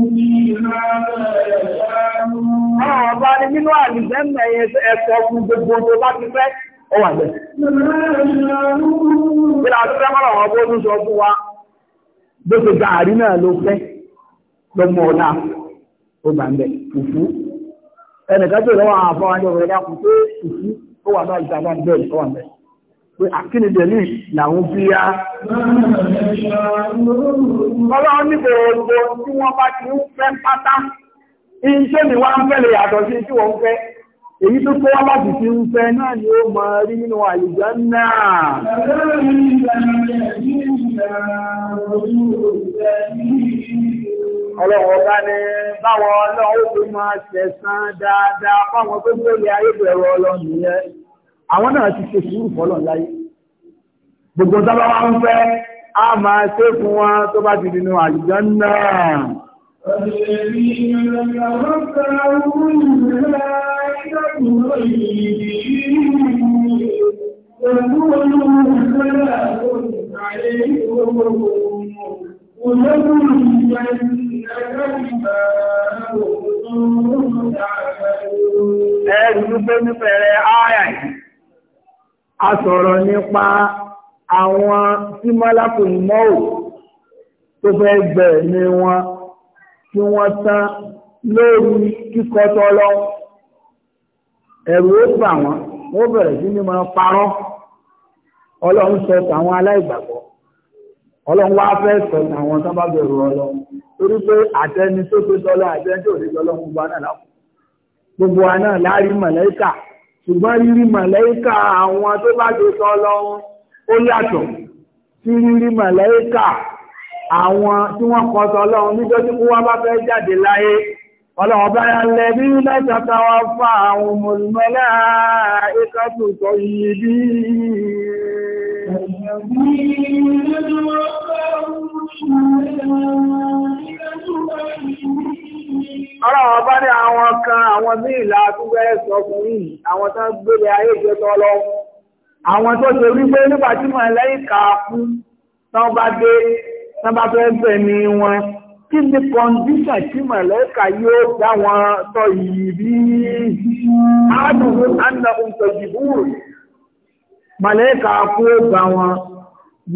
ọba ní nínú àlìjẹ́nà yẹn ẹ̀sọ́ fún gbogbo tó bá ti fẹ́ ọ wà bẹ́ẹ̀. bí a ti fẹ́ mọ́ràn ọba ó tún sọ fún wa bó ṣe gàárì náà ló fẹ́ lọ́mọ ọ̀la ó gbà ń bẹ̀ fùfú ẹnìkan tó lọ́wọ́ àwọn afọ́wájú ọ̀rọ̀ ẹ̀dá kù pé ìsú ó wà náà ìta náà bẹ́ẹ̀ tó wà bẹ́ẹ̀ pé akíni dẹ̀lí làwọn fi yá. ọlọ́run ní gbogbo tí wọ́n bá ti ń fẹ́ pátá iṣẹ́ ni wá ń fẹ́lẹ̀ yàtọ̀ sí tí wọ́n ń fẹ́ èyí tó kọ́ wá láti fi ń fẹ́ náà ni ó máa rí nínú àlùjánnà. ọlọ́run ní ìlànà ìlànà ọlọ́wọ́ bá ní báwọn ọlọ́wọ́ tó máa tẹ̀sán dáadáa fáwọn tó tó lè ayébẹ̀rọ ọlọ́run yẹn àwọn náà ti ṣe sùúrù fọlọ́n láyé gbogbo sábà wá ń fẹ́ a máa ṣe fún wọn tó bá ti dínú àjùjọ náà. Thank you. Ẹ̀rù wípé nípẹ̀rẹ̀ ààyà yìí, a sọ̀rọ̀ nípa àwọn tí mọ́lápù ìmọ́ò tó fẹ́ gbẹ̀ ní wọn tí wọ́n tán lórí kíkọ́ tọ́lọ. Ẹ̀rù ó bà wọ́n, wọ́n bẹ̀rẹ̀ sí ní máa parọ́. Ọlọ́run sọ tàwọn aláìgbàgbọ́. Ọlọ́run wá fẹ́ sọ tàwọn tán Ọlọ́run torí pé àtẹni tó tó tọ́lọ́ àtẹni tó tó tọ́lọ́ gbogbo wa náà gbogbo wa náà mọ̀lẹ́kà ṣùgbọ́n rírí mọ̀lẹ́kà àwọn tó bá tó tọ́lọ́ ó yàtọ̀ sí rírí mọ̀lẹ́kà àwọn tí wọ́n kọ́ tọ́lọ́ níjọ́ tí kó bá fẹ́ jáde láyé ọlọ́wọ́ bá yà lẹ̀ bí lẹ́sàtà àwọn mọ̀lẹ́lá ikọ́ tó tọ́ yìí bí i. Ọlọ́run ọba ní àwọn kan àwọn ní ìlà àtúgbẹ́ sọ fún yìí, àwọn tán gbélé ayé jẹ́ tọ́lọ. Àwọn tó ṣe wípé nígbà tí mọ̀ lẹ́yìn kàákú tán bá dé, tán bá fẹ́ bẹ̀ ní wọn. Kí ni kọndíṣà tí mọ̀ lẹ́ka yóò dá wọn tọ yìí bí? Ádùnú Anna Ounṣẹ́jìbú Màlẹ́ka kú ó gbà wọn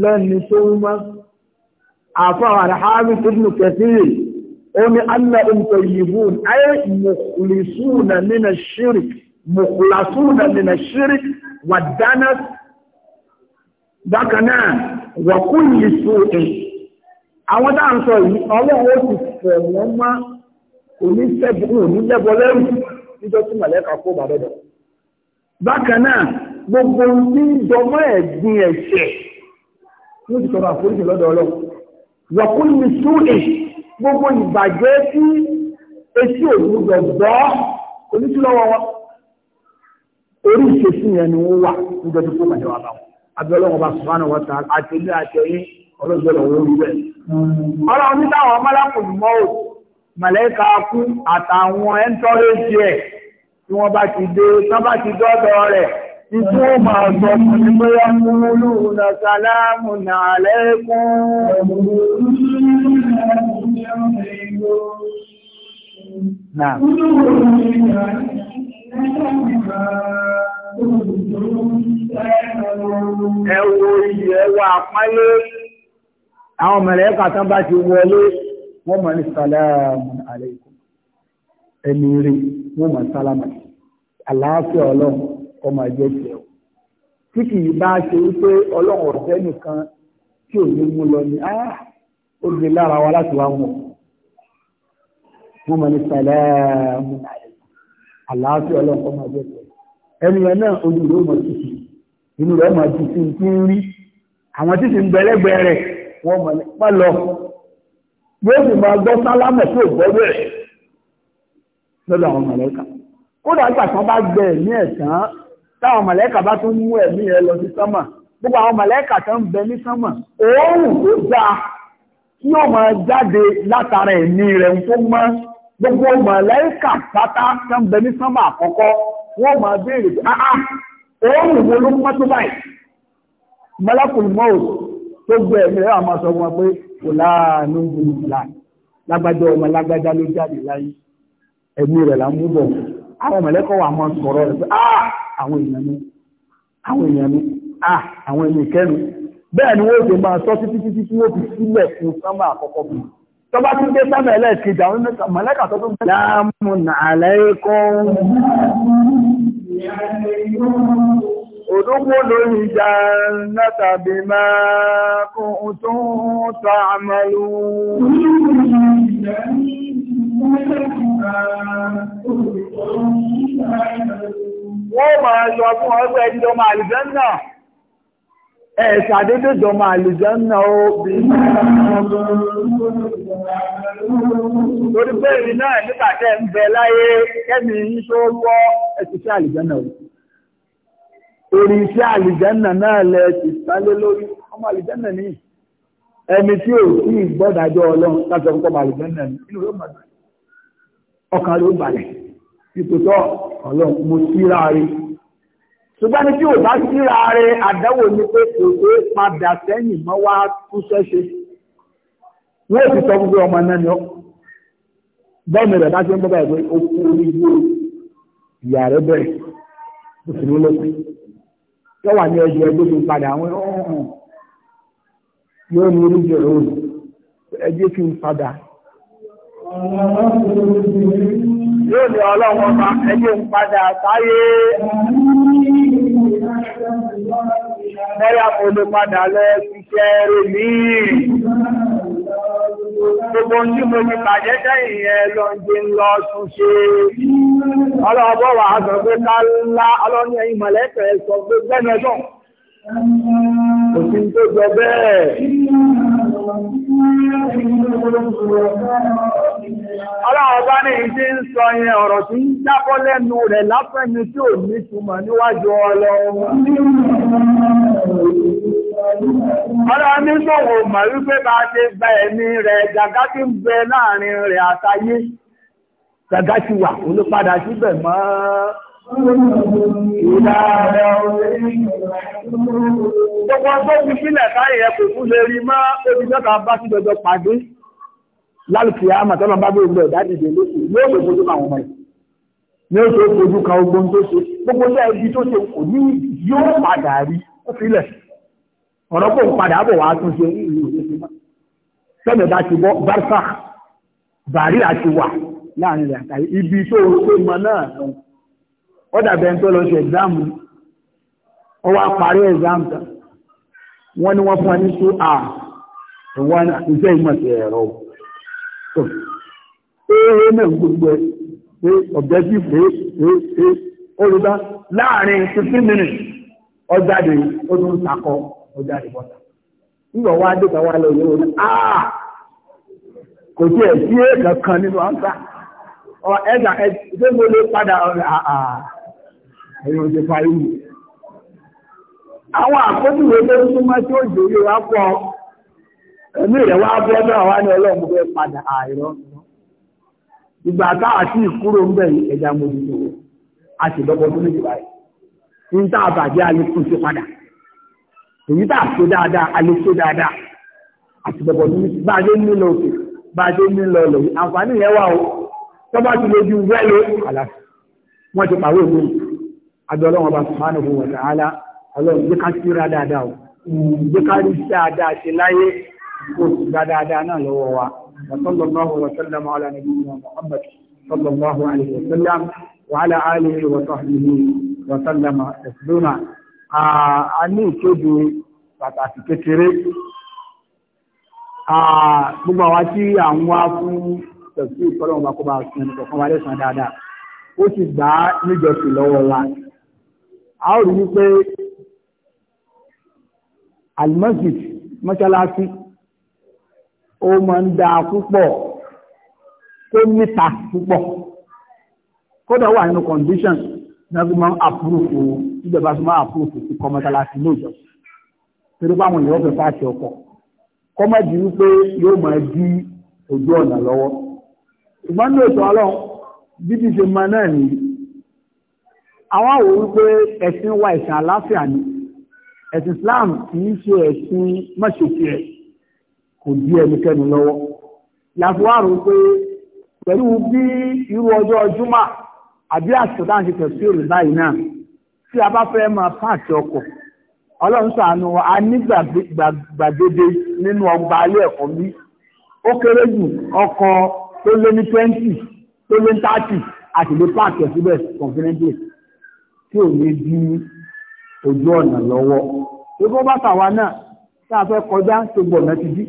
lẹ́ni tó mọ́. Àfọ́ àrẹ̀hámi tó dùn kẹfìrì omi annahum tayyibun ayé mukhlisuna nínú shirik mukhlasuna nínú shirik wà dáná bákan náà wà kulli su'in àwọn tá à ń sọ yìí ọlọ́run ó ti fẹ̀ wọ́n má kò ní sẹ́gun ò ní lẹ́bọ lẹ́rù níjọ́ tí mọ̀lẹ́ka kó bàdọ́dọ̀ bákan náà gbogbo ní ìjọmọ́ ẹ̀gbin ẹ̀ṣẹ̀ ní ti sọ̀rọ̀ àforíṣẹ́ lọ́dọ̀ ọlọ́run wà kulli su'in gbogbo ìbàjẹ́ tí etí òun gbọ̀gbọ́ onítúlọ́wọ́ wọn orí ìṣesí yẹn ni wọ́n wà níjọ́ tó fún ìbàjẹ́ wa bá wọn abẹ́lọ́wọ́ bá subhanahu wa ta'ala àtẹ̀lé àtẹ̀yìn ọlọ́gbẹ̀rẹ̀ owó orí bẹ́ẹ̀. ọlọ́run ní táwọn mọ́lákùn mọ́ ò mọ̀lẹ́ka kú àtàwọn ẹ̀ńtọ́rẹ́jì ẹ̀ tí wọ́n bá ti dé tán bá ti dọ́dọ̀ rẹ̀ Ìjú ọmọ ọ̀sọ̀ fún ìgbéyàwó olúùnà sàlámù nà àlẹ́kùn. Naam. Ẹ wà pálé, àwọn mẹ̀lẹ́kà tán bá ti wọlé, wọ́n mọ̀ ní sàlámù aláìkùm. Ẹni rí, wọ́n mọ̀ sálámù. Àlàáfíà ọlọ́run, ọmọ ẹgbẹ́ ti ẹ̀. Tí kìí bá ṣe wípé ọlọ́run ọ̀fẹ́ nìkan tí ò ní mú lọ ni, ó gbé lára wa láti wá wọn wọn mọ̀ ní sàlẹ̀ àlàáfíà ọlọ́pàá máa jẹ́ pẹ̀lú ẹni ẹ̀ náà ojú rẹ̀ mọ̀ títì inú rẹ̀ mọ̀ títì tí ń rí àwọn títì ń bẹ̀lẹ́gbẹ̀ rẹ̀ wọ́n mọ̀ nípa lọ yóò sì máa gbọ́ sálámọ̀ tí ò gbọ́ bẹ̀rẹ̀ lọ́dọ̀ àwọn mọ̀lẹ́kà kódà nígbà tí wọ́n bá gbẹ ẹ̀mí ẹ̀ tán táwọn mọ̀lẹ́kà bá tún mú ẹ̀mí ẹ̀ lọ sí sánmà gbogbo àwọn mọ̀lẹ́kà tó ń bẹ ní sánmà òórùn tó dáa tí ó máa jáde látara ẹ̀mí rẹ̀ ń tó mọ́ gbogbo mọ̀lẹ́kà pátá kan bẹ ní sánmà àkọ́kọ́ wọ́n máa béèrè pé áá òórùn wo ló mọ́ tó báyìí mọ́lẹ́kùn mọ́ò tó gbé ẹ̀mí rẹ̀ àmọ́ sọ wọn pé kò láàánú gbogbo ìlà lágbájá ọmọ lágbájá ló jáde láyé ẹ̀mí rẹ̀ là ń mú bọ̀ àwọn mọ̀lẹ́kọ̀ wà máa sọ̀rọ̀ rẹ̀ pé áá àwọn èèyàn ni àwọn èèyàn ni bẹ́ẹ̀ ni wọ́n ṣe máa sọ títí títí tí wọ́n fi sílẹ̀ fún sábà àkọ́kọ́ bí. tó bá ti dé sábà ẹlẹ́ẹ̀kejì àwọn mọ̀lẹ́kà tó tún bẹ̀rẹ̀. láàmùn àlẹ́kùn. òdúgbò lórí ìjà náta bí máa kún tún ta àmàlú. wọ́n máa sọ fún ọgbẹ́ ìjọba àlùjẹ́ náà ẹ̀ẹ̀sà dédé dọ̀mà na ó bí torí pé ìrì náà nígbàtẹ́ ń bẹ láyé kẹ́mì yí tó wọ́ ẹ̀sìṣẹ́ àlùjànnà ó orí iṣẹ́ àlùjànnà náà lẹ ti sálé lórí ọmọ àlùjànnà ní ẹni tí ò sí ìgbọ́dájọ́ ọlọ́run láti ọkọ̀ ọmọ àlùjànnà ní inú ló mọ̀ ọkàn ló balẹ̀ ipò ọlọ́run mo sí ráre ṣùgbọ́n ní tí ò bá síra rẹ̀ àdáwò ní pé kò tó padà sẹ́yìn mọ́ wá kú ṣẹ́ṣe wọ́n ti sọ gbogbo ọmọ náà ni ọ́ bọ́ọ̀mù rẹ̀ bá ṣe ń bọ́ báyìí pé ó kú orí gbó ìyá rẹ̀ bẹ̀rẹ̀ ó sì ní lókun yọ wà ní ẹjọ́ ẹgbẹ́ mi padà àwọn ọ̀hún yóò ní orí jẹ̀rọ òní ẹjẹ́ kí n padà yóò ní ọlọ́run ọba ẹjẹ́ ń padà sáyé. Ẹyà kò lè padà lọ ṣiṣẹ́ rẹ̀ ní gbogbo tí mo ti pàjẹ́ tẹ́yìn ẹ lọ jẹ lọ ṣúṣe. Ọlọ́ọ̀bọ̀ wà sọ pé kálá ọlọ́ni ẹ̀yìn mọ̀lẹ́kẹ̀ sọ pé gbẹ́nẹ̀dọ̀. Òsìn tó jọ bẹ́ẹ̀. Ọlọ́run bá ní ìdí ń sọ yẹn ọ̀rọ̀ tí ń jábọ́ lẹ́nu rẹ̀ láfẹ́ni tí ò ní túmọ̀ níwájú Ọlọ́run. Ọlọ́run ní sọ̀wọ̀ mọ̀ wípé bá ṣe Gbogbo ọjọ́ ti sílẹ̀ káyẹ̀ ẹ kò fún lè rí máa ebi jọ́ta bá sí jọjọ pàdé lálùkì àmà tọ́nà bá gbogbo ẹ̀dá dìde lóṣù yóò lè fojú àwọn ọmọ ẹ̀. Ní oṣù fojú kan ogun tó ṣe, gbogbo ilé ẹbí tó ṣe kò ní yóò padà rí ó sílẹ̀. Ọ̀rọ̀ kò padà bọ̀ wá tún ṣe ìlú òṣèlú. Sẹ́mi bá ti bọ́ Barsa, Bàrí àti wà láàrin rẹ̀ àtàrí ibi tó ṣe mọ náà lọ́wọ́ ó dàbẹ̀ tó lọ ṣe ẹ̀gbáàmù ó wá parí ẹ̀gbáàmù tán wọ́n ní wọ́n fún wa ní sí à ìwọ́n iṣẹ́ ìmọ̀ sí ẹ̀rọ tó eré náà gbogbo ẹ̀ pé objective pé pé pé ó rí bá láàrin fifteen minutes ọjáde ó tún sakọ ọjáde bọ́ta ìwọ̀ wá dẹ́ta wá lọ ìlú ní àà kò tí ẹ̀ sí èèkàn kan nínú àǹtà ọ̀ ẹ̀dà ẹ̀ tí mo lè padà ọ̀rẹ́ àà ẹ̀yìn oúnjẹ fáìlì. Àwọn àkójúwé tó ń súnmọ́ tí ó jò yóò wá pọ̀ ẹ̀mí rẹ̀ wá bọ́ náà wá ní ọlọ́run fẹ́ padà àìrọ́. Ìgbà táà sí ìkúrò ń bẹ̀ ẹ̀dá mojútó a sì lọ́pọ̀ tó méjì báyìí. Ní tá a bàjẹ́ alékún sí padà. Èyí tá a ṣe dáadáa, alékún dáadáa. Àti lọ́pọ̀ tó méjì bá a dé nílò òkè, bá agbọ́lọ́wọ́n bá subhanahu wa ta'ala ọlọ́run jẹ́ ká síra dáadáa o jẹ́ ká rí sí àdáa ṣe láyé kó gba dáadáa náà lọ́wọ́ wa sallallahu wa sallama ala nabiyyina muhammad sallallahu alayhi wa sallam wa ala alihi wa sahbihi wa sallama taslima a ní ìkéde pàtàkì kékeré gbogbo àwa tí à ń wá fún tẹ̀sí ìfọlọ́wọ́n bá kó bá sun ẹnì kọ̀ọ̀kan wa lẹ́sàn-án dáadáa ó sì gbà á níjọ́sìn lọ́wọ́ wa a ó rí wípé almasjid mọ́ṣáláṣí ó máa ń da púpọ̀ tó níta púpọ̀ kódà wà nínú condition náà fi máa ń àpúrùfù ìjọba fi máa àpúrùfù sí kọ́ mọ́ṣáláṣí lóòjọ́ torí báwọn èèyàn fẹ́ fà ṣe ọkọ̀ kọ́mọ̀dì wípé yóò máa dí ojú ọ̀nà lọ́wọ́ ṣùgbọ́n ní ètò ọlọ́run bíbí ṣe máa náà nìyí àwọn àwọn wípé ẹ̀sìn wa ẹ̀sìn àlàáfíà ni ẹ̀sìn Islam kì í ṣe ẹ̀sìn mọ́ṣẹ̀ṣẹ̀ ẹ̀ kò dí ẹnikẹ́ni lọ́wọ́ láfiwárò pé pẹ̀lú bí irú ọjọ́ júmà àbí àṣìdá ti tẹ̀sí òrì báyìí náà tí a bá fẹ́ máa pààtì ọkọ̀ ọlọ́run ṣàánú a ní gbàgede nínú ọgbà alẹ́ ẹ̀kọ́ bí ó kéré jù ọkọ̀ tó lé ní twenty tó lé ní thirty àti lè pààtì ẹ̀ síbẹ̀ confidently tí ò ní di ojú ọ̀nà lọ́wọ́ pé bó bá tàwa náà tá a fẹ́ kọjá gbogbo ọ̀nà ti dí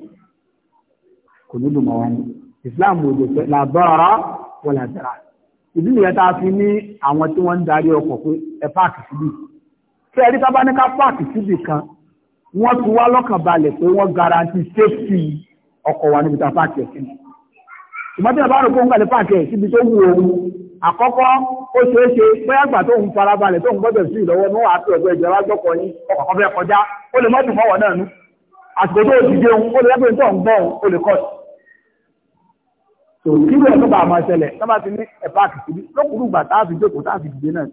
kò ní dùnmọ̀ wa ni Islam ò dé pẹ́ làbọ́ra wọlé àdàrà ìdí nìyẹn tá a fi ní àwọn tí wọ́n ń darí ọkọ̀ pé ẹ páàkì síbì tí ẹ̀rí tá bá ní ká páàkì síbì kan wọ́n ti wá lọ́kàn balẹ̀ pé wọ́n garanti safety ọkọ̀ wa níbi tá a páàkì ẹ̀ sí ni ìmọ̀tí ẹ̀ bá àkọ́kọ́ ó ṣe é ṣe bóyá àgbà tó ń farabalẹ̀ tó ń gbọ́dọ̀ sí ìlọ́wọ́ ní wàá tó ẹgbẹ́ ìjọba gbọ́kọ̀ ní ọkọ̀ bẹ́ẹ̀ kọjá ó lè mọ́tò mọ́wọ́ náà nú àsìkò tó ti dé òun ó lè lẹ́gbẹ̀ẹ́ tó ń gbọ́ òun ó lè kọ́ tò kí ló ẹ̀kọ́ bá máa ṣẹlẹ̀ tó bá ti ní ẹ̀fà kìkìrí lókùrú gbà tá a jókòó tá dìde náà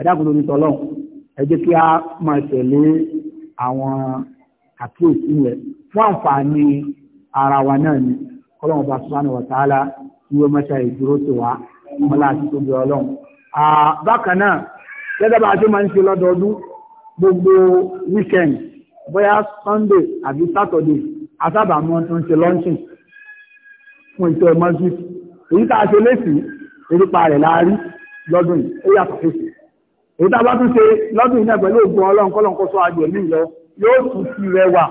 ẹ̀dá kò lórí tọ́lọ́ ẹ jẹ́ kí a máa ọlá àti tóbi ọlọ́run. bákan náà gẹ́gẹ́ bá a ti máa ń ṣe lọ́dọọdún gbogbo weekend bóyá sunday àbí saturday asábàámọ́ tó ń ṣe luncheon fún ìtọ́ ẹ̀mọ́jú èyí tá a ṣe lẹ́sìn erípa rẹ̀ láàrí lọ́dún yìí ó yàtọ̀ fèsì èyí tá a bá tún ṣe lọ́dún yìí náà pẹ̀lú ògùn ọlọ́run kọ́lọ́n kó sọ àjò ní ìlọ yóò tún fi rẹwà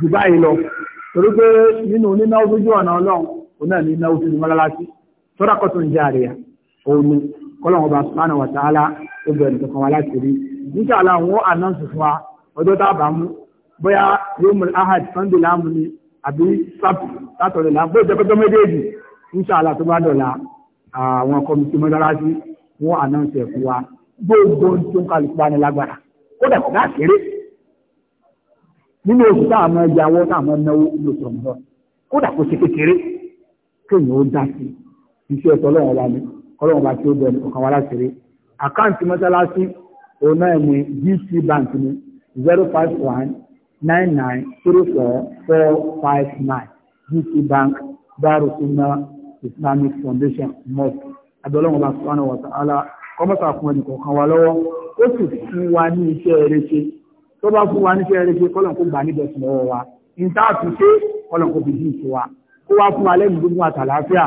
jù báyìí lọ torí pé nínú nínáwó sójú ọ̀nà ọlọ́run òun náà nínáwó sójú mọ́lá sadaqatun jariyah òun ni kọ́lọ́wọ́n bá subhanahu wa ta'ala ó bẹ̀rẹ̀ nǹkan wa láti rí níṣẹ́ aláwọ̀ ànáǹsì fún wa ọjọ́ tá a bá mú bóyá yomul ahad sunday láàmú ni àbí sábà látọ̀rẹ̀ láàmú bóyá ìjọba méjèèjì níṣẹ́ alá tó bá dọ̀la àwọn kọ́mítì mọ́dárásí wọ́n ànáǹsì ẹ̀ fún wa gbogbo tó ń kálukú bá ní lágbára kódà kódà kéré nínú oṣù táwọn ẹja wọ́ táwọn náwó lóṣù ọ̀mọ́ iṣẹ́ ọ̀tọ̀lọ́wọ̀n wa ni kọ́lọ́wọ̀n bá tí ó bẹ̀rẹ̀ ọ̀kan wa láti rí àkáǹtì mọ́sálásí òun náà GT Bank ni zero five one nine nine three four four five nine GT Bank Darussunna Islamic Foundation Mosque abẹ́lọ́wọ̀n bá sọ́nà wọ̀tá ala kọ́mọ́sà fún ẹnì kọ̀ọ̀kan wa lọ́wọ́ ó sì fún wa ní iṣẹ́ eré ṣe tó bá fún wa ní iṣẹ́ eré ṣe kọ́lọ̀ kó gbà níbẹ̀ wa ìta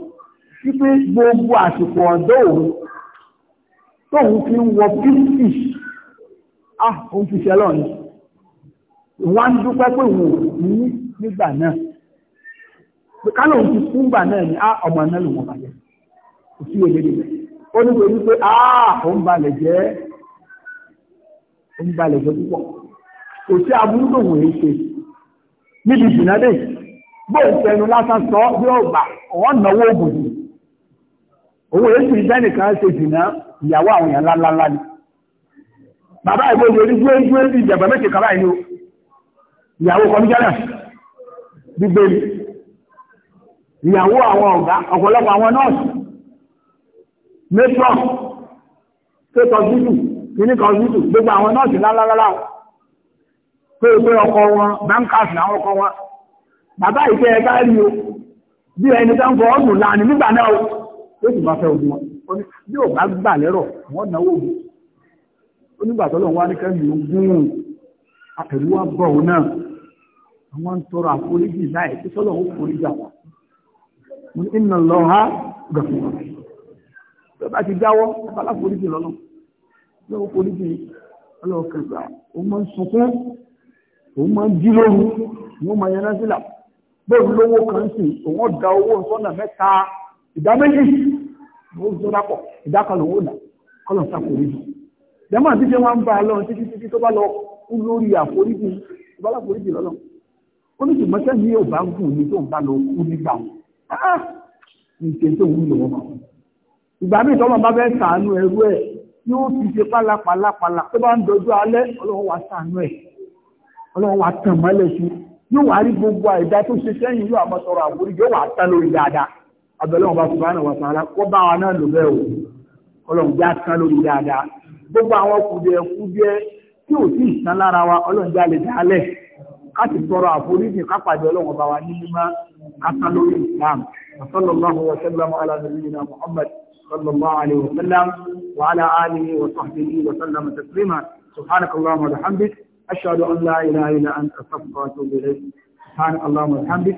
wípé gbogbo àsìkò ọ̀dọ́ òun tóun fi ń wọ bíìsì ah òun fi ṣẹlọ ni wọ́n ń dúpẹ́ pé wò ní nígbà náà kánà òun ti fún gbà náà ni ah ọmọ náà lòun bàjẹ́ kò sí èdè níbẹ̀ ó ní pé ah òun balẹ̀ jẹ́ òun balẹ̀ jẹ́ púpọ̀ kò sí aburú lòun èé ṣe níbi ìsìnádé bóun fẹnu lásán sọ bí ó gbà ọ̀wọ́n náwó ògùn owó èsù ìdẹ́nìkan ṣe dìná ìyàwó àwọn èèyàn lálálá ni bàbá ìwé orí gbé gbé ìjẹ̀bọ̀ méjì kàrá ìlú ìyàwó kọmíjọ́nà gbígbé ìyàwó àwọn ọ̀gá ọ̀pọ̀lọpọ̀ àwọn nọ́ọ̀sì mẹ́tọ́ tẹ́tọ̀ dúdú kìníkọ̀ dúdú gbogbo àwọn nọ́ọ̀sì lálálá pé pé ọkọ wọn báńkàsì àwọn ọkọ wọn bàbá ìfẹ́ ẹgbá rí bí ẹni tán fọ ọ́gùn láàrin nígbà náà yóò sì máa fẹ́ ogun wọn bí ò bá gbà lẹ́rọ̀ wọ́n náwó òun onígbà tó lọ́wọ́ ní kẹ́mi ogún àtẹ̀lú wa bọ̀ òun náà àwọn ń tọrọ àforíjì láì tí sọ́lọ̀ ó foríjì àwọn mo ní iná lọ ha gàfù wọn tó bá ti dáwọ́ abala foríjì lọ́nà lọ́wọ́ foríjì ọlọ́wọ́ kẹta òun máa ń sunkún òun máa ń jí lóru òun máa yẹn náà sílà bóòlù lówó kan sì òun ọ̀dà owó sọ́nà mẹ́ta ìdá méjì ló ń tóra pọ̀ ìdá kan lòun ò là kọ́nà sàkóríjì dẹ́mà títí títí tó bá lọ kú lórí àforíjì tó bá láforíjì lọ́lọ́ ó ní ṣùgbọ́n bá ń ní tó ń bá lọ kú nígbà wọn ní tó ń lò wọn ìgbà míì bá wa sàánú ẹ̀ wa tàn mọ́lẹ̀ abẹ́lẹ́wọ̀n bá fún àwọn àtàrà kọ́ bá wa náà lò bẹ́ẹ̀ o ọlọ́run já tán lórí dáadáa gbogbo àwọn kùdìẹ̀ kùdìẹ̀ tí ò sí ìtàn lára wa ọlọ́run já lè dálẹ̀ ká sì tọrọ àforíjì ká pàdé ọlọ́run bá wa ní mímá ká tán lórí Islam sallallahu wa sallam ala nabiyyina Muhammad sallallahu alayhi wa sallam wa ala alihi wa sahbihi wa sallam taslima subhanaka allahumma wa bihamdik ashhadu an la ilaha illa anta astaghfiruka wa atubu ilayk subhanaka allahumma wa bihamdik